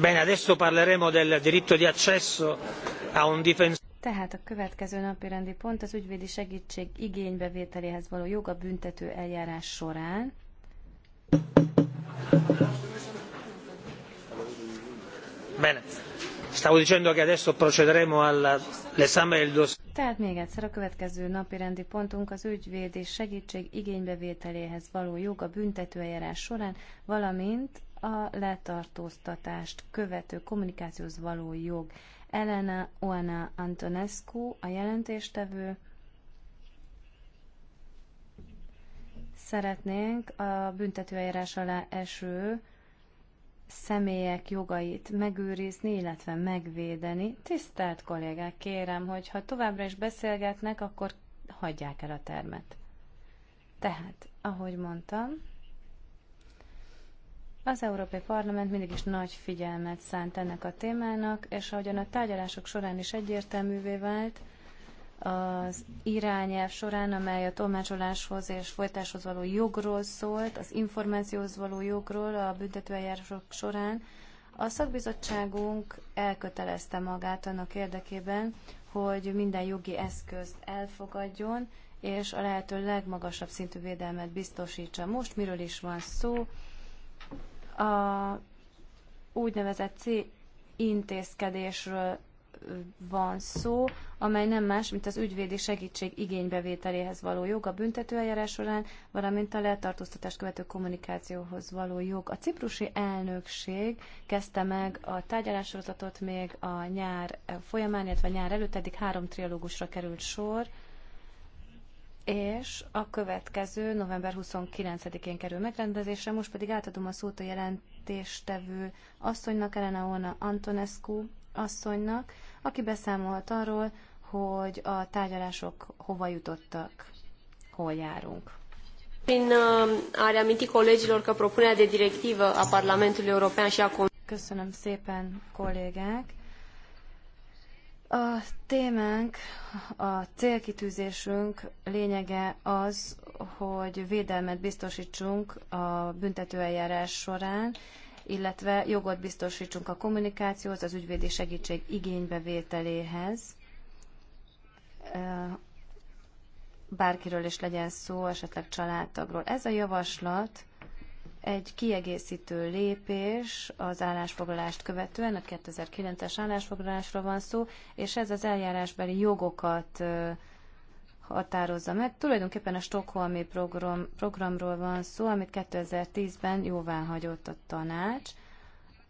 Bene, adesso parleremo del diritto di accesso a un difensore. Tehát a következő napi rendi pont az ügyvédi segítség igénybevételéhez való joga büntető eljárás során. Bene. Stavo dicendo che adesso procederemo all'esame del dossier. Tehát még egyszer a következő napi rendi pontunk az ügyvéd és segítség igénybevételéhez való jog a büntetőeljárás során, valamint a letartóztatást követő kommunikációhoz való jog. Elena Oana Antonescu, a jelentéstevő. Szeretnénk a büntetőeljárás alá eső személyek jogait megőrizni, illetve megvédeni. Tisztelt kollégák, kérem, hogy ha továbbra is beszélgetnek, akkor hagyják el a termet. Tehát, ahogy mondtam, az Európai Parlament mindig is nagy figyelmet szánt ennek a témának, és ahogyan a tárgyalások során is egyértelművé vált, az irányelv során, amely a tolmácsoláshoz és folytáshoz való jogról szólt, az információhoz való jogról a büntetőeljárások során, a szakbizottságunk elkötelezte magát annak érdekében, hogy minden jogi eszközt elfogadjon, és a lehető legmagasabb szintű védelmet biztosítsa. Most miről is van szó? A úgynevezett C intézkedésről van szó, amely nem más, mint az ügyvédi segítség igénybevételéhez való jog a büntetőeljárás során, valamint a letartóztatást követő kommunikációhoz való jog. A ciprusi elnökség kezdte meg a tárgyalássorozatot még a nyár folyamán, illetve a nyár előtt, eddig három trialógusra került sor és a következő november 29-én kerül megrendezésre, most pedig átadom a szót a jelentéstevő asszonynak, Elena Ona Antonescu asszonynak, aki beszámolt arról, hogy a tárgyalások hova jutottak, hol járunk. Prin uh, a reaminti colegilor că propunerea de directivă a Parlamentului European și a Köszönöm szépen, kollégák! A témánk, a célkitűzésünk lényege az, hogy védelmet biztosítsunk a büntetőeljárás során, illetve jogot biztosítsunk a kommunikációhoz, az ügyvédi segítség igénybevételéhez. Bárkiről is legyen szó, esetleg családtagról. Ez a javaslat egy kiegészítő lépés az állásfoglalást követően, a 2009-es állásfoglalásról van szó, és ez az eljárásbeli jogokat határozza meg. Tulajdonképpen a Stockholmi program, programról van szó, amit 2010-ben jóvá hagyott a tanács,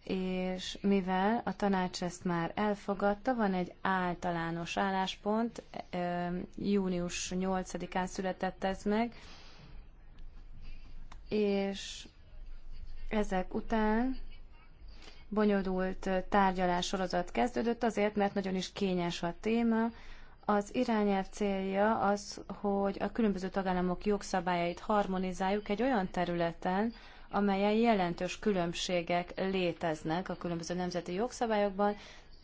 és mivel a tanács ezt már elfogadta, van egy általános álláspont, június 8-án született ez meg, és ezek után bonyolult tárgyalás sorozat kezdődött azért, mert nagyon is kényes a téma. Az irányelv célja az, hogy a különböző tagállamok jogszabályait harmonizáljuk egy olyan területen, amelyen jelentős különbségek léteznek a különböző nemzeti jogszabályokban,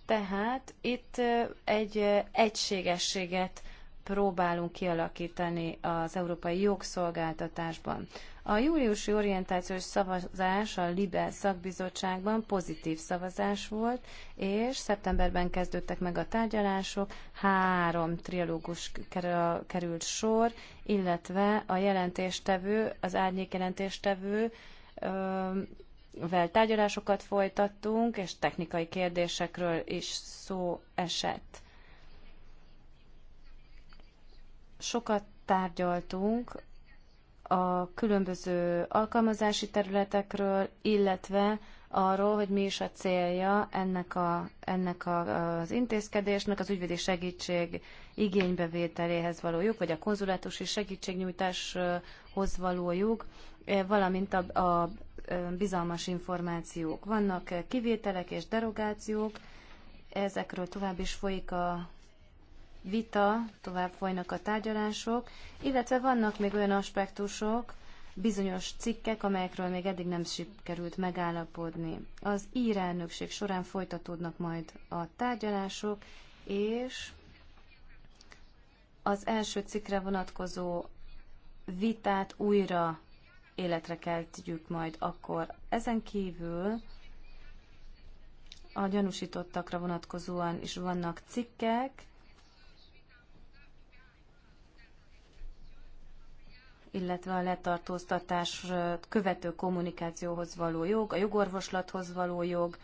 tehát itt egy egységességet próbálunk kialakítani az európai jogszolgáltatásban. A júliusi orientációs szavazás a LIBE szakbizottságban pozitív szavazás volt, és szeptemberben kezdődtek meg a tárgyalások, három trialógus került sor, illetve a jelentéstevő, az árnyék jelentéstevő vel tárgyalásokat folytattunk, és technikai kérdésekről is szó esett. Sokat tárgyaltunk a különböző alkalmazási területekről, illetve arról, hogy mi is a célja ennek, a, ennek a, az intézkedésnek, az ügyvédi segítség igénybevételéhez való jog, vagy a konzulátusi segítségnyújtáshoz való jog, valamint a, a bizalmas információk. Vannak kivételek és derogációk, ezekről tovább is folyik a vita, tovább folynak a tárgyalások, illetve vannak még olyan aspektusok, bizonyos cikkek, amelyekről még eddig nem sikerült megállapodni. Az elnökség során folytatódnak majd a tárgyalások, és az első cikkre vonatkozó vitát újra életre keltjük majd akkor. Ezen kívül a gyanúsítottakra vonatkozóan is vannak cikkek, illetve a letartóztatás követő kommunikációhoz való jog, a jogorvoslathoz való jog,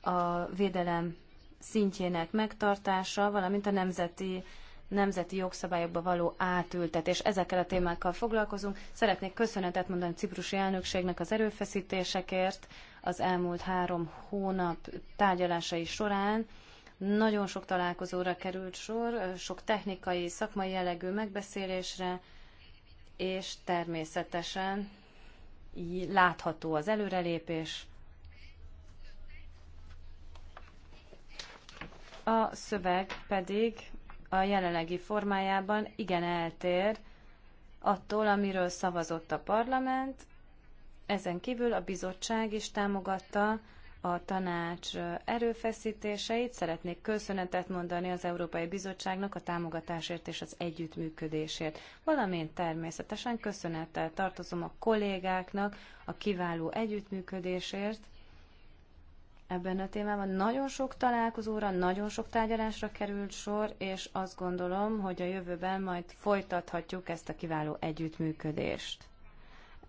a védelem szintjének megtartása, valamint a nemzeti nemzeti jogszabályokba való átültetés. Ezekkel a témákkal foglalkozunk. Szeretnék köszönetet mondani a ciprusi elnökségnek az erőfeszítésekért az elmúlt három hónap tárgyalásai során. Nagyon sok találkozóra került sor, sok technikai, szakmai jellegű megbeszélésre, és természetesen látható az előrelépés. A szöveg pedig a jelenlegi formájában igen eltér attól, amiről szavazott a parlament, ezen kívül a bizottság is támogatta a tanács erőfeszítéseit. Szeretnék köszönetet mondani az Európai Bizottságnak a támogatásért és az együttműködésért. Valamint természetesen köszönettel tartozom a kollégáknak a kiváló együttműködésért. Ebben a témában nagyon sok találkozóra, nagyon sok tárgyalásra került sor, és azt gondolom, hogy a jövőben majd folytathatjuk ezt a kiváló együttműködést.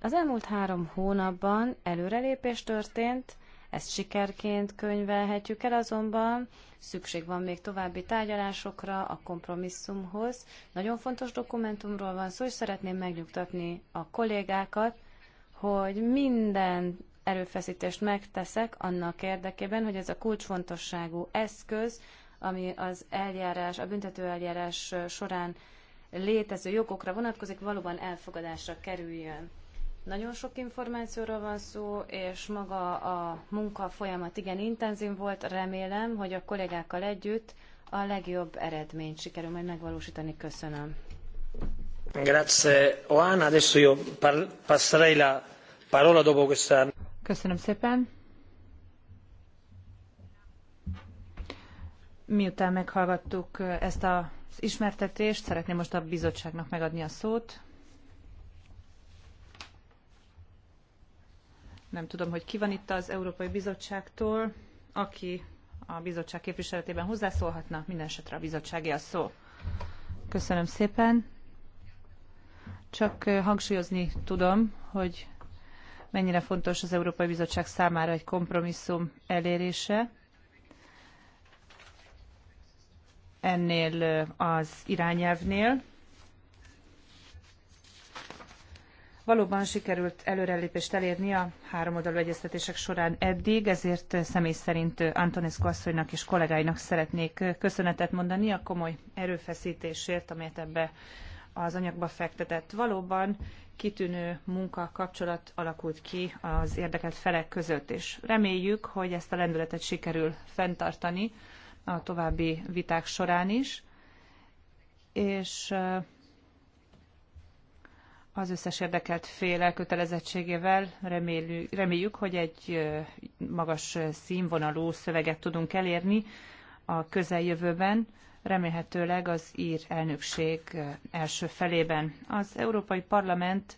Az elmúlt három hónapban előrelépés történt, ezt sikerként könyvelhetjük el, azonban szükség van még további tárgyalásokra, a kompromisszumhoz. Nagyon fontos dokumentumról van szó, és szeretném megnyugtatni a kollégákat, hogy minden erőfeszítést megteszek annak érdekében, hogy ez a kulcsfontosságú eszköz, ami az eljárás, a büntető eljárás során létező jogokra vonatkozik, valóban elfogadásra kerüljön. Nagyon sok információról van szó, és maga a munka folyamat igen intenzív volt. Remélem, hogy a kollégákkal együtt a legjobb eredményt sikerül majd megvalósítani. Köszönöm. Grazie, Oana. Adesso io passerei la parola dopo questa... Köszönöm szépen. Miután meghallgattuk eh, ezt az ismertetést, szeretném most a bizottságnak megadni a szót. Nem tudom, hogy ki van itt az Európai Bizottságtól, aki a bizottság képviseletében hozzászólhatna. Minden esetre a bizottsági a szó. Köszönöm szépen. Csak hangsúlyozni tudom, hogy mennyire fontos az Európai Bizottság számára egy kompromisszum elérése. Ennél az irányelvnél, Valóban sikerült előrelépést elérni a háromoldalú egyeztetések során eddig, ezért személy szerint Antonescu asszonynak és kollégáinak szeretnék köszönetet mondani a komoly erőfeszítésért, amelyet ebbe az anyagba fektetett. Valóban kitűnő munka kapcsolat alakult ki az érdekelt felek között, és reméljük, hogy ezt a lendületet sikerül fenntartani a további viták során is, és az összes érdekelt fél elkötelezettségével reméljük, reméljük, hogy egy magas színvonalú szöveget tudunk elérni a közeljövőben, remélhetőleg az ír elnökség első felében. Az Európai Parlament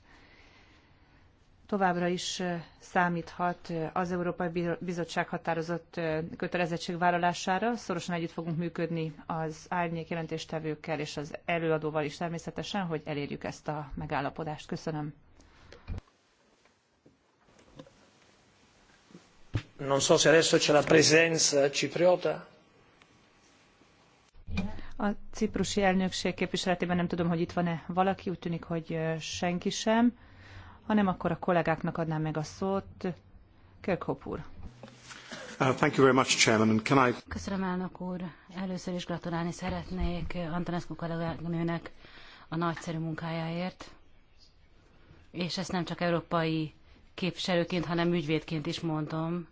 továbbra is számíthat az Európai Bizottság határozott kötelezettségvállalására. Szorosan együtt fogunk működni az árnyék jelentéstevőkkel és az előadóval is természetesen, hogy elérjük ezt a megállapodást. Köszönöm. Non so se adesso c'è la presenza cipriota. A ciprusi elnökség képviseletében nem tudom, hogy itt van-e valaki, úgy tűnik, hogy senki sem. Ha nem, akkor a kollégáknak adnám meg a szót. Kirkhope úr. Uh, Köszönöm, elnök úr. Először is gratulálni szeretnék Antonescu kolléganőnek a nagyszerű munkájáért, és ezt nem csak európai képviselőként, hanem ügyvédként is mondom.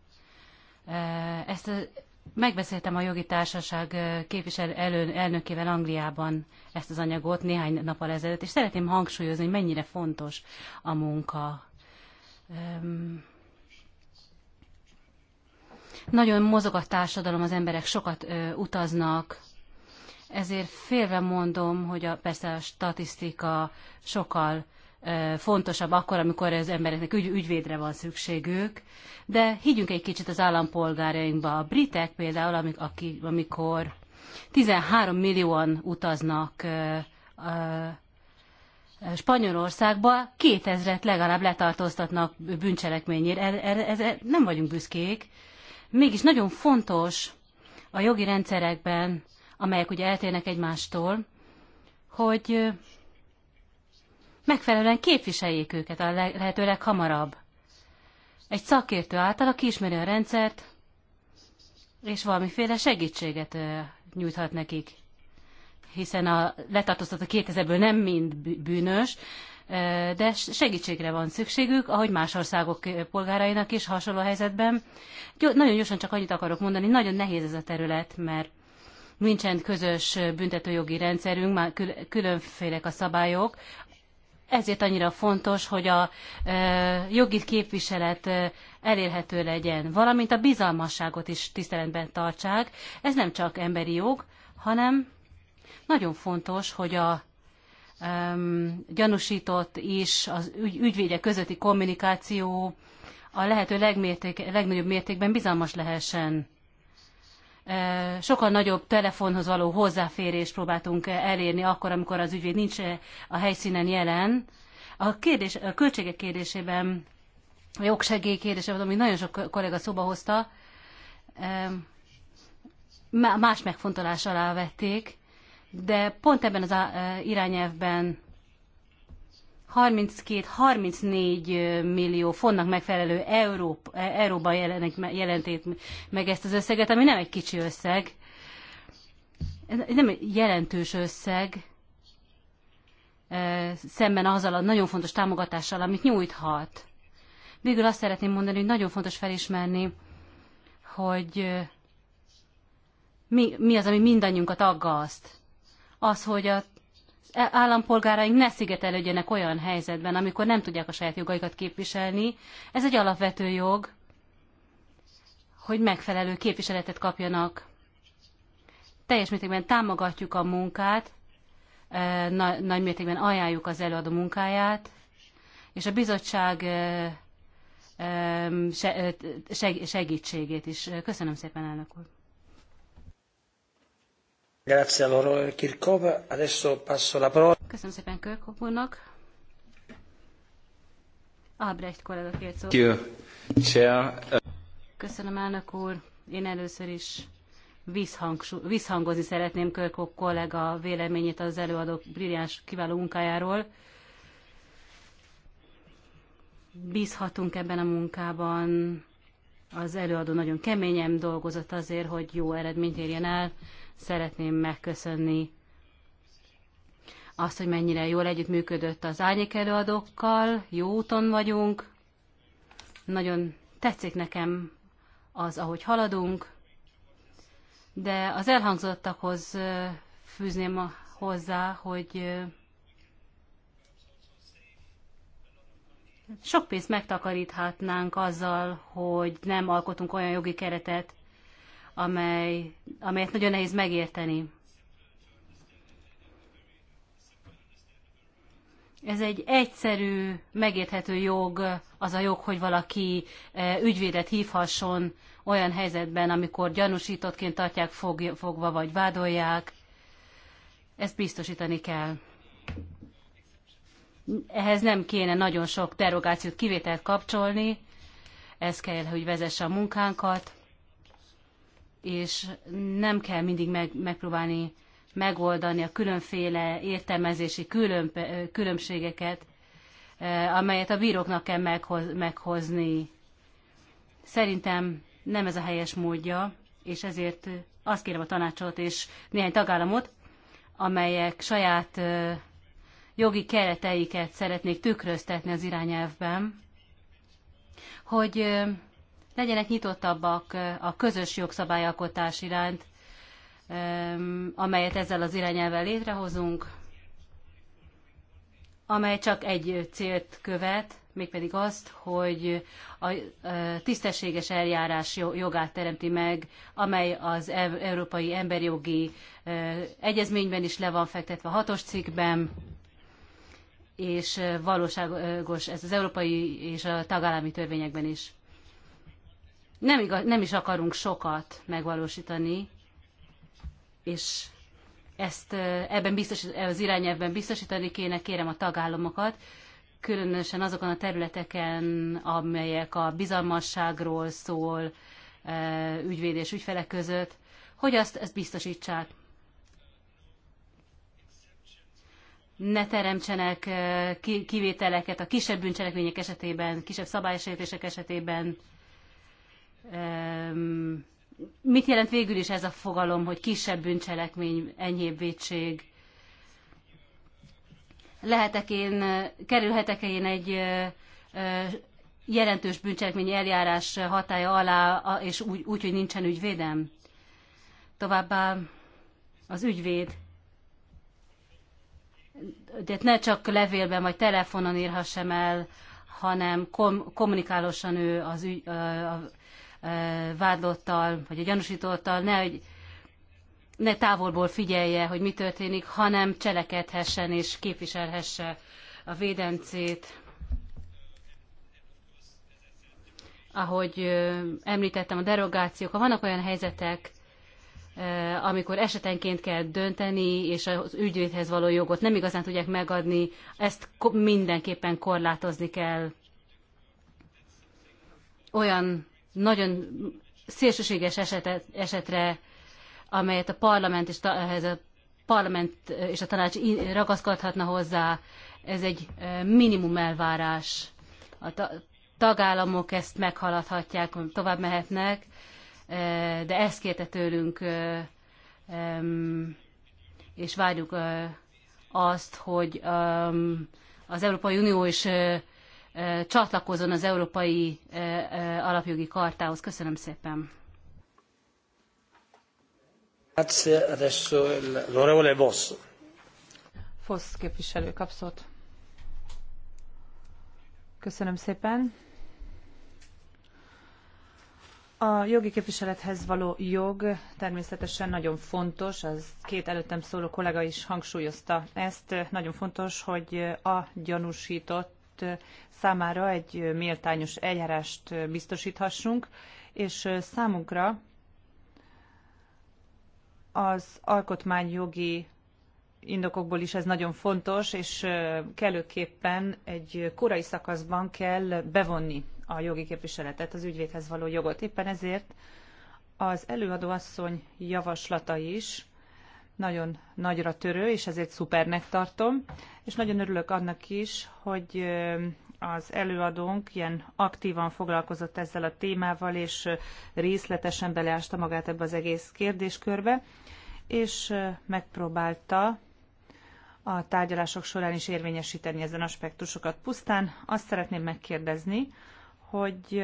Uh, ezt az Megbeszéltem a jogi társaság képviselő elnökével Angliában ezt az anyagot néhány nappal ezelőtt, és szeretném hangsúlyozni, hogy mennyire fontos a munka. Um, nagyon mozog a társadalom, az emberek sokat ö, utaznak, ezért félve mondom, hogy a, persze a statisztika sokkal fontosabb akkor, amikor az embereknek ügy, ügyvédre van szükségük, de higgyünk egy kicsit az állampolgárainkba. A britek például, amik, aki, amikor 13 millióan utaznak Spanyolországba 2000-et legalább letartóztatnak bűncselekményért. er, er, er, nem vagyunk büszkék. Mégis nagyon fontos a jogi rendszerekben, amelyek ugye eltérnek egymástól, hogy megfelelően képviseljék őket a lehetőleg hamarabb. Egy szakértő által, aki ismeri a rendszert, és valamiféle segítséget nyújthat nekik. Hiszen a letartóztató 2000-ből nem mind bűnös, de segítségre van szükségük, ahogy más országok polgárainak is hasonló helyzetben. Nagyon gyorsan csak annyit akarok mondani, nagyon nehéz ez a terület, mert nincsen közös büntetőjogi rendszerünk, már különfélek a szabályok ezért annyira fontos, hogy a jogi képviselet elérhető legyen, valamint a bizalmasságot is tiszteletben tartsák. Ez nem csak emberi jog, hanem nagyon fontos, hogy a e, gyanúsított és az ügy, ügyvédek közötti kommunikáció a lehető legmérték, legnagyobb mértékben bizalmas lehessen. E, sokkal nagyobb telefonhoz való hozzáférést próbáltunk elérni akkor, amikor az ügyvéd nincs e, a helyszínen jelen. A, kérdés, a költségek kérdésében, a jogsegély kérdésében, amit nagyon sok kollega szóba hozta, e, más megfontolás alá vették, de pont ebben az irányelvben 32-34 millió fontnak megfelelő e, Európa, euróban jelenik, jelentét meg ezt az összeget, ami nem egy kicsi összeg, ez nem egy jelentős összeg, szemben azzal a nagyon fontos támogatással, amit nyújthat. Végül azt szeretném mondani, hogy nagyon fontos felismerni, hogy mi, mi az, ami mindannyiunkat aggaszt. Az, hogy a állampolgáraink ne szigetelődjenek olyan helyzetben, amikor nem tudják a saját jogaikat képviselni. Ez egy alapvető jog, hogy megfelelő képviseletet kapjanak. Teljes mértékben támogatjuk a munkát, e, nagy mértékben ajánljuk az előadó munkáját, és a bizottság e, e, segítségét is. Köszönöm szépen, elnök úr! Köszönöm szépen Kirkov úrnak. Albrecht kollega kért szó. Köszönöm, elnök úr. Én először is visszhang, visszhangozni szeretném Körkok kollega véleményét az előadó brilliáns kiváló munkájáról. Bízhatunk ebben a munkában, az előadó nagyon keményen dolgozott azért, hogy jó eredményt érjen el. Szeretném megköszönni azt, hogy mennyire jól együttműködött az árnyék előadókkal, jó úton vagyunk. Nagyon tetszik nekem az, ahogy haladunk, de az elhangzottakhoz fűzném hozzá, hogy Sok pénzt megtakaríthatnánk azzal, hogy nem alkotunk olyan jogi keretet, amely, amelyet nagyon nehéz megérteni. Ez egy egyszerű, megérthető jog, az a jog, hogy valaki e, ügyvédet hívhasson olyan helyzetben, amikor gyanúsítottként tartják fogva vagy vádolják. Ezt biztosítani kell ehhez nem kéne nagyon sok derogációt, kivételt kapcsolni, ez kell, hogy vezesse a munkánkat, és nem kell mindig meg, megpróbálni megoldani a különféle értelmezési külön, különbségeket, eh, amelyet a bíróknak kell meghoz, meghozni. Szerintem nem ez a helyes módja, és ezért azt kérem a tanácsot és néhány tagállamot, amelyek saját eh, jogi kereteiket szeretnék tükröztetni az irányelvben, hogy legyenek nyitottabbak a közös jogszabályalkotás iránt, amelyet ezzel az irányelvel létrehozunk, amely csak egy célt követ, mégpedig azt, hogy a tisztességes eljárás jogát teremti meg, amely az Európai Emberjogi Egyezményben is le van fektetve a hatos cikkben, és valóságos ez az európai és a tagállami törvényekben is. Nem, igaz, nem is akarunk sokat megvalósítani, és ezt ebben biztos, az irányelvben biztosítani kéne, kérem a tagállamokat, különösen azokon a területeken, amelyek a bizalmasságról szól ügyvéd és ügyfelek között, hogy azt, ezt biztosítsák. ne teremtsenek kivételeket a kisebb bűncselekmények esetében, kisebb szabálysértések esetében. Mit jelent végül is ez a fogalom, hogy kisebb bűncselekmény, enyhébb védség? Lehetek én, kerülhetek -e én egy jelentős bűncselekmény eljárás hatája alá, és úgy, úgy, hogy nincsen ügyvédem? Továbbá az ügyvéd de ne csak levélben vagy telefonon írhassam el, hanem kom- kommunikálósan ő az ügy, ö, a, ö, vádlottal, vagy a gyanúsítottal, ne, hogy ne távolból figyelje, hogy mi történik, hanem cselekedhessen és képviselhesse a védencét. Ahogy ö, említettem, a derogációk, ha vannak olyan helyzetek, Eh, amikor esetenként kell dönteni, és az ügyvédhez való jogot nem igazán tudják megadni, ezt mindenképpen korlátozni kell. Olyan nagyon szélsőséges esetet, esetre, amelyet a parlament és, ehhez a, parlament és a tanács ragaszkodhatna hozzá, ez egy eh, minimum elvárás. A tagállamok ezt meghaladhatják, tovább mehetnek, de ezt kérte tőlünk, és várjuk azt, hogy az Európai Unió is csatlakozzon az Európai Alapjogi Kartához. Köszönöm szépen. Fosz képviselő kapszott. Köszönöm szépen. A jogi képviselethez való jog természetesen nagyon fontos, az két előttem szóló kollega is hangsúlyozta ezt. Nagyon fontos, hogy a gyanúsított számára egy méltányos eljárást biztosíthassunk, és számunkra az alkotmányjogi indokokból is ez nagyon fontos, és kellőképpen egy korai szakaszban kell bevonni a jogi képviseletet, az ügyvédhez való jogot. Éppen ezért az előadóasszony javaslata is nagyon nagyra törő, és ezért szupernek tartom, és nagyon örülök annak is, hogy az előadónk ilyen aktívan foglalkozott ezzel a témával, és részletesen beleásta magát ebbe az egész kérdéskörbe, és megpróbálta a tárgyalások során is érvényesíteni ezen aspektusokat. Pusztán azt szeretném megkérdezni, hogy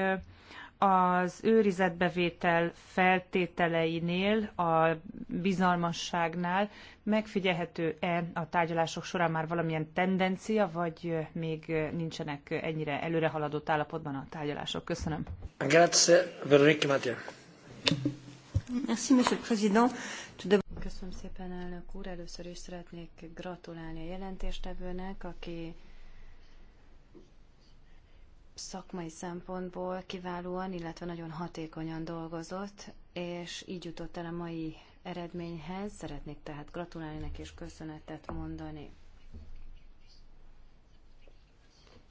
az őrizetbevétel feltételeinél, a bizalmasságnál megfigyelhető-e a tárgyalások során már valamilyen tendencia, vagy még nincsenek ennyire előre haladott állapotban a tárgyalások? Köszönöm. Grazie, Veronique Mathieu. Merci, Monsieur le Président. Tout Köszönöm szépen, elnök úr. Először is szeretnék gratulálni a jelentéstevőnek, aki szakmai szempontból kiválóan, illetve nagyon hatékonyan dolgozott, és így jutott el a mai eredményhez. Szeretnék tehát gratulálni neki és köszönetet mondani.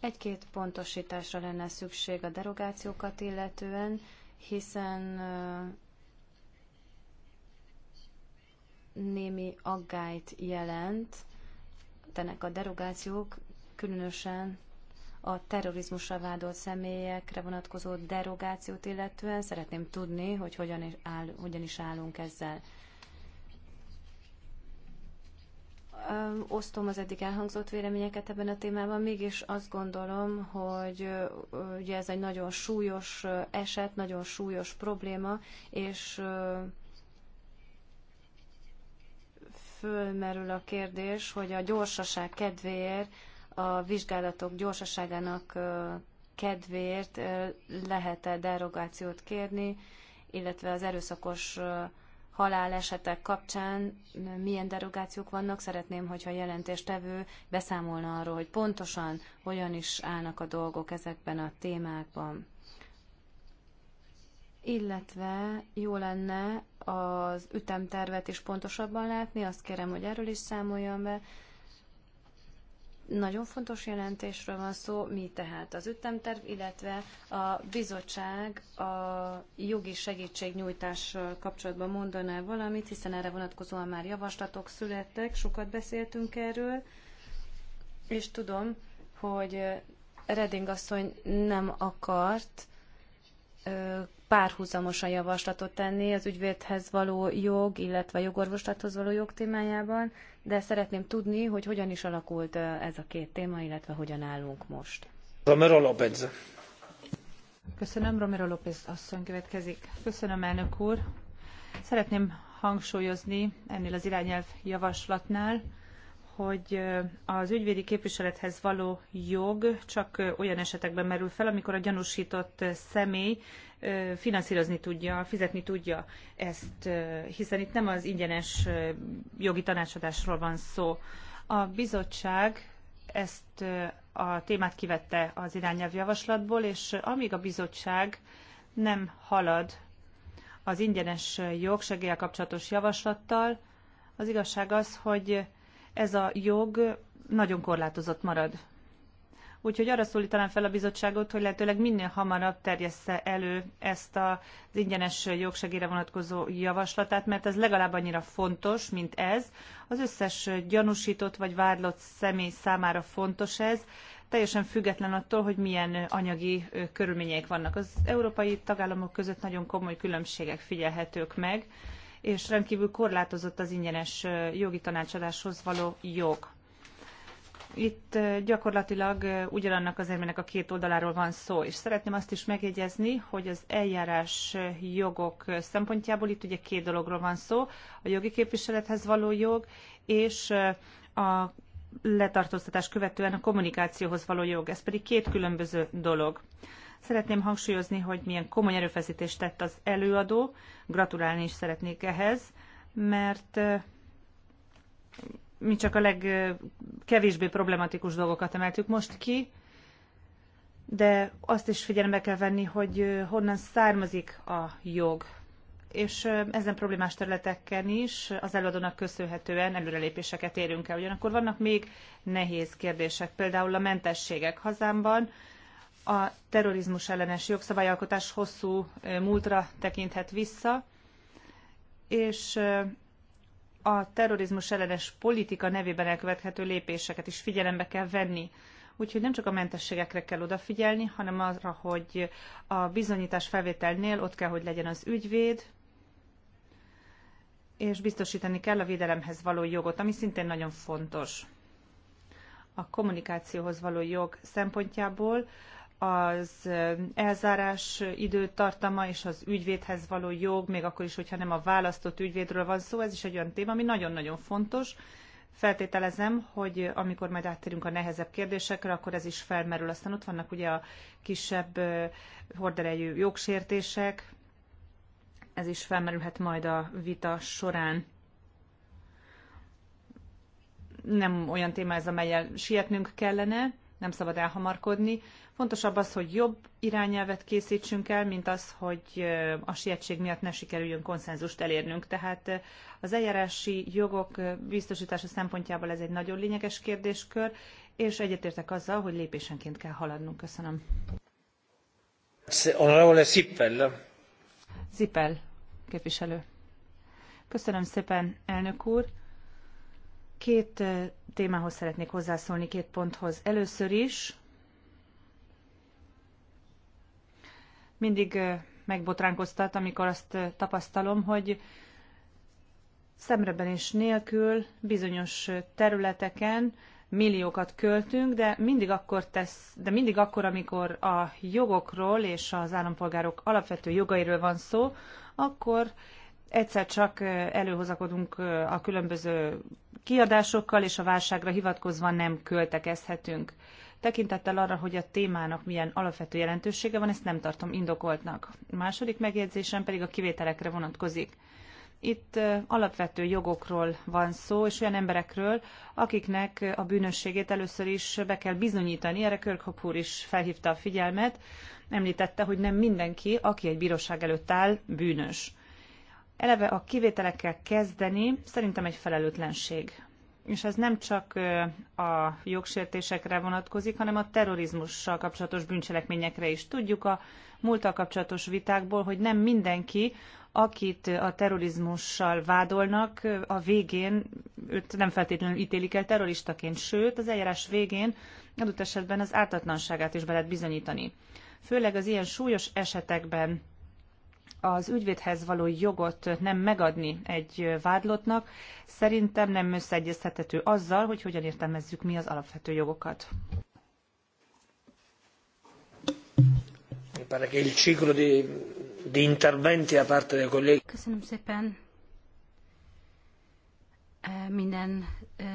Egy-két pontosításra lenne szükség a derogációkat illetően, hiszen némi aggályt jelent, tenek a derogációk, különösen a terrorizmusra vádolt személyekre vonatkozó derogációt illetően. Szeretném tudni, hogy hogyan is, áll, hogyan is állunk ezzel. Osztom az eddig elhangzott véleményeket ebben a témában, mégis azt gondolom, hogy ugye ez egy nagyon súlyos eset, nagyon súlyos probléma, és fölmerül a kérdés, hogy a gyorsaság kedvéért, a vizsgálatok gyorsaságának kedvéért lehet-e derogációt kérni, illetve az erőszakos halálesetek kapcsán milyen derogációk vannak. Szeretném, hogyha a jelentéstevő beszámolna arról, hogy pontosan hogyan is állnak a dolgok ezekben a témákban illetve jó lenne az ütemtervet is pontosabban látni, azt kérem, hogy erről is számoljon be. Nagyon fontos jelentésről van szó, mi tehát az ütemterv, illetve a bizottság a jogi segítségnyújtással kapcsolatban mondaná valamit, hiszen erre vonatkozóan már javaslatok születtek, sokat beszéltünk erről, és tudom, hogy Reding asszony nem akart párhuzamosan javaslatot tenni az ügyvédhez való jog, illetve a jogorvoslathoz való jog témájában, de szeretném tudni, hogy hogyan is alakult ez a két téma, illetve hogyan állunk most. Romero López. Köszönöm, Romero López asszony következik. Köszönöm, elnök úr. Szeretném hangsúlyozni ennél az irányelv javaslatnál, hogy az ügyvédi képviselethez való jog csak olyan esetekben merül fel, amikor a gyanúsított személy finanszírozni tudja, fizetni tudja ezt, hiszen itt nem az ingyenes jogi tanácsadásról van szó. A bizottság ezt a témát kivette az irányelvjavaslatból, és amíg a bizottság nem halad az ingyenes jogsegélyel kapcsolatos javaslattal, az igazság az, hogy ez a jog nagyon korlátozott marad. Úgyhogy arra szólítanám fel a bizottságot, hogy lehetőleg minél hamarabb terjessze elő ezt az ingyenes jogsegére vonatkozó javaslatát, mert ez legalább annyira fontos, mint ez. Az összes gyanúsított vagy vádlott személy számára fontos ez, teljesen független attól, hogy milyen anyagi körülmények vannak. Az európai tagállamok között nagyon komoly különbségek figyelhetők meg és rendkívül korlátozott az ingyenes jogi tanácsadáshoz való jog. Itt gyakorlatilag ugyanannak az érmének a két oldaláról van szó, és szeretném azt is megjegyezni, hogy az eljárás jogok szempontjából itt ugye két dologról van szó, a jogi képviselethez való jog, és a letartóztatás követően a kommunikációhoz való jog. Ez pedig két különböző dolog. Szeretném hangsúlyozni, hogy milyen komoly erőfeszítést tett az előadó. Gratulálni is szeretnék ehhez, mert mi csak a legkevésbé problematikus dolgokat emeltük most ki, de azt is figyelembe kell venni, hogy honnan származik a jog. És ezen problémás területeken is az előadónak köszönhetően előrelépéseket érünk el. Ugyanakkor vannak még nehéz kérdések, például a mentességek hazámban. A terrorizmus ellenes jogszabályalkotás hosszú múltra tekinthet vissza, és a terrorizmus ellenes politika nevében elkövethető lépéseket is figyelembe kell venni. Úgyhogy nem csak a mentességekre kell odafigyelni, hanem arra, hogy a bizonyítás felvételnél ott kell, hogy legyen az ügyvéd, és biztosítani kell a védelemhez való jogot, ami szintén nagyon fontos. A kommunikációhoz való jog szempontjából az elzárás időtartama és az ügyvédhez való jog, még akkor is, hogyha nem a választott ügyvédről van szó, ez is egy olyan téma, ami nagyon-nagyon fontos. Feltételezem, hogy amikor majd áttérünk a nehezebb kérdésekre, akkor ez is felmerül. Aztán ott vannak ugye a kisebb horderejű jogsértések, ez is felmerülhet majd a vita során nem olyan téma ez, amelyel sietnünk kellene, nem szabad elhamarkodni, Fontosabb az, hogy jobb irányelvet készítsünk el, mint az, hogy a sietség miatt ne sikerüljön konszenzust elérnünk. Tehát az eljárási jogok biztosítása szempontjából ez egy nagyon lényeges kérdéskör, és egyetértek azzal, hogy lépésenként kell haladnunk. Köszönöm. Honorable Zippel. Zippel, képviselő. Köszönöm szépen, elnök úr. Két témához szeretnék hozzászólni, két ponthoz. Először is mindig megbotránkoztat, amikor azt tapasztalom, hogy és nélkül bizonyos területeken milliókat költünk, de mindig akkor tesz, de mindig akkor, amikor a jogokról és az állampolgárok alapvető jogairól van szó, akkor egyszer csak előhozakodunk a különböző kiadásokkal, és a válságra hivatkozva nem költekezhetünk. Tekintettel arra, hogy a témának milyen alapvető jelentősége van, ezt nem tartom indokoltnak. A második megjegyzésem pedig a kivételekre vonatkozik. Itt alapvető jogokról van szó, és olyan emberekről, akiknek a bűnösségét először is be kell bizonyítani. Erre Körkhop úr is felhívta a figyelmet, említette, hogy nem mindenki, aki egy bíróság előtt áll, bűnös. Eleve a kivételekkel kezdeni szerintem egy felelőtlenség és ez nem csak a jogsértésekre vonatkozik, hanem a terrorizmussal kapcsolatos bűncselekményekre is. Tudjuk a múltal kapcsolatos vitákból, hogy nem mindenki, akit a terrorizmussal vádolnak, a végén őt nem feltétlenül ítélik el terroristaként, sőt, az eljárás végén adott esetben az ártatlanságát is be lehet bizonyítani. Főleg az ilyen súlyos esetekben az ügyvédhez való jogot nem megadni egy vádlottnak, szerintem nem összeegyeztethető azzal, hogy hogyan értelmezzük mi az alapvető jogokat. Köszönöm szépen. E, minden e,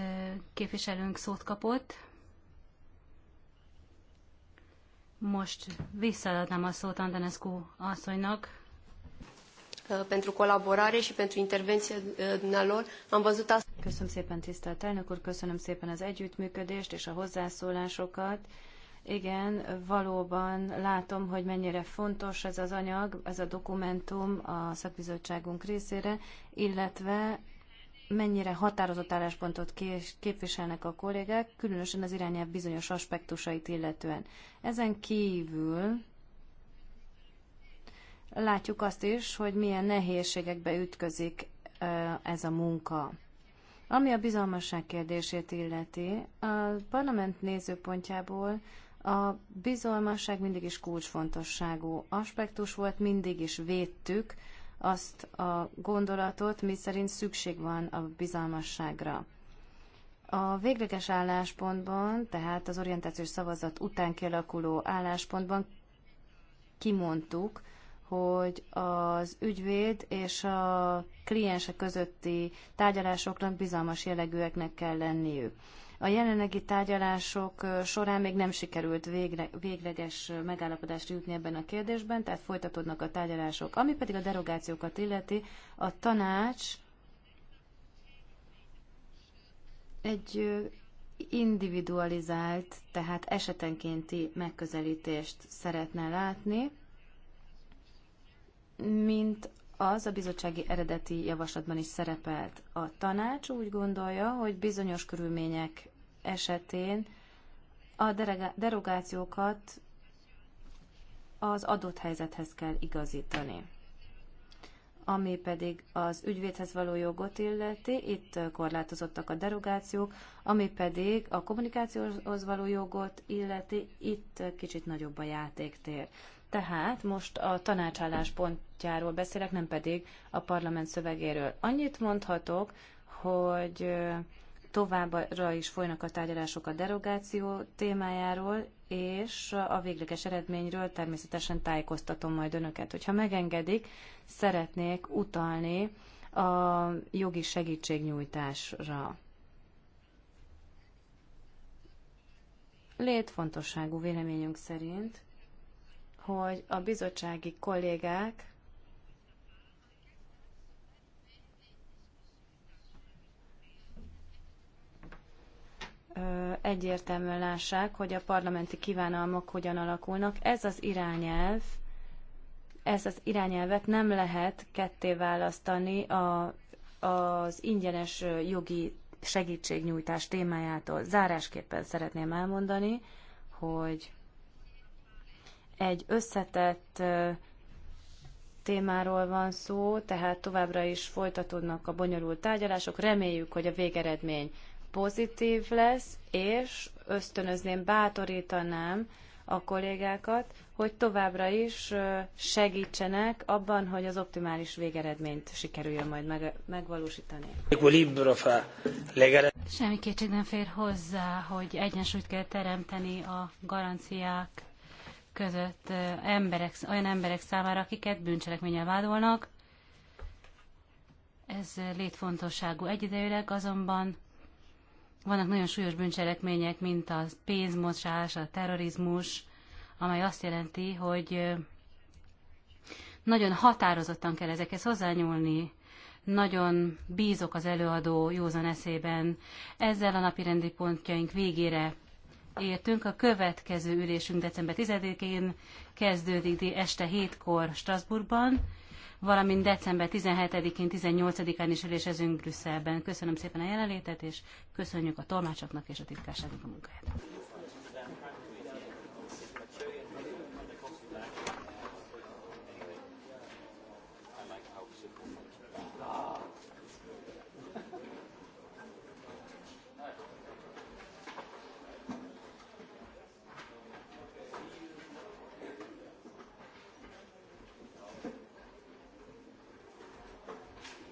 képviselőnk szót kapott. Most visszaadnám a szót Andanescu asszonynak. Uh, pentru colaborare și pentru intervenția uh, dumnealor. Am văzut asta. Köszönöm szépen, tisztelt elnök úr, köszönöm szépen az együttműködést és a hozzászólásokat. Igen, valóban látom, hogy mennyire fontos ez az anyag, ez a dokumentum a szakbizottságunk részére, illetve mennyire határozott álláspontot képviselnek a kollégák, különösen az irányelv bizonyos aspektusait illetően. Ezen kívül Látjuk azt is, hogy milyen nehézségekbe ütközik ez a munka. Ami a bizalmasság kérdését illeti, a parlament nézőpontjából a bizalmasság mindig is kulcsfontosságú aspektus volt, mindig is védtük azt a gondolatot, mi szerint szükség van a bizalmasságra. A végleges álláspontban, tehát az orientációs szavazat után kialakuló álláspontban kimondtuk, hogy az ügyvéd és a kliense közötti tárgyalásoknak bizalmas jellegűeknek kell lenniük. A jelenlegi tárgyalások során még nem sikerült végre, végleges megállapodást jutni ebben a kérdésben, tehát folytatódnak a tárgyalások. Ami pedig a derogációkat illeti, a tanács egy individualizált, tehát esetenkénti megközelítést szeretne látni mint az a bizottsági eredeti javaslatban is szerepelt. A tanács úgy gondolja, hogy bizonyos körülmények esetén a derogációkat az adott helyzethez kell igazítani. Ami pedig az ügyvédhez való jogot illeti, itt korlátozottak a derogációk, ami pedig a kommunikációhoz való jogot illeti, itt kicsit nagyobb a játéktér. Tehát most a pontjáról beszélek, nem pedig a parlament szövegéről. Annyit mondhatok, hogy továbbra is folynak a tárgyalások a derogáció témájáról, és a végleges eredményről természetesen tájékoztatom majd önöket. Hogyha megengedik, szeretnék utalni a jogi segítségnyújtásra. Létfontosságú véleményünk szerint hogy a bizottsági kollégák egyértelműen lássák, hogy a parlamenti kívánalmak hogyan alakulnak. Ez az irányelv, ez az irányelvet nem lehet ketté választani a, az ingyenes jogi segítségnyújtás témájától. Zárásképpen szeretném elmondani, hogy egy összetett témáról van szó, tehát továbbra is folytatódnak a bonyolult tárgyalások. Reméljük, hogy a végeredmény pozitív lesz, és ösztönözném, bátorítanám a kollégákat, hogy továbbra is segítsenek abban, hogy az optimális végeredményt sikerüljön majd meg, megvalósítani. Semmi kétség nem fér hozzá, hogy egyensúlyt kell teremteni a garanciák között emberek, olyan emberek számára, akiket bűncselekménnyel vádolnak. Ez létfontosságú egyidejűleg, azonban vannak nagyon súlyos bűncselekmények, mint a pénzmosás, a terrorizmus, amely azt jelenti, hogy nagyon határozottan kell ezekhez hozzányúlni, nagyon bízok az előadó józan eszében. Ezzel a napirendi pontjaink végére értünk. A következő ülésünk december 10-én kezdődik este 7-kor Strasbourgban, valamint december 17-én, 18-án is ülésezünk Brüsszelben. Köszönöm szépen a jelenlétet, és köszönjük a tolmácsoknak és a titkárságnak a munkáját.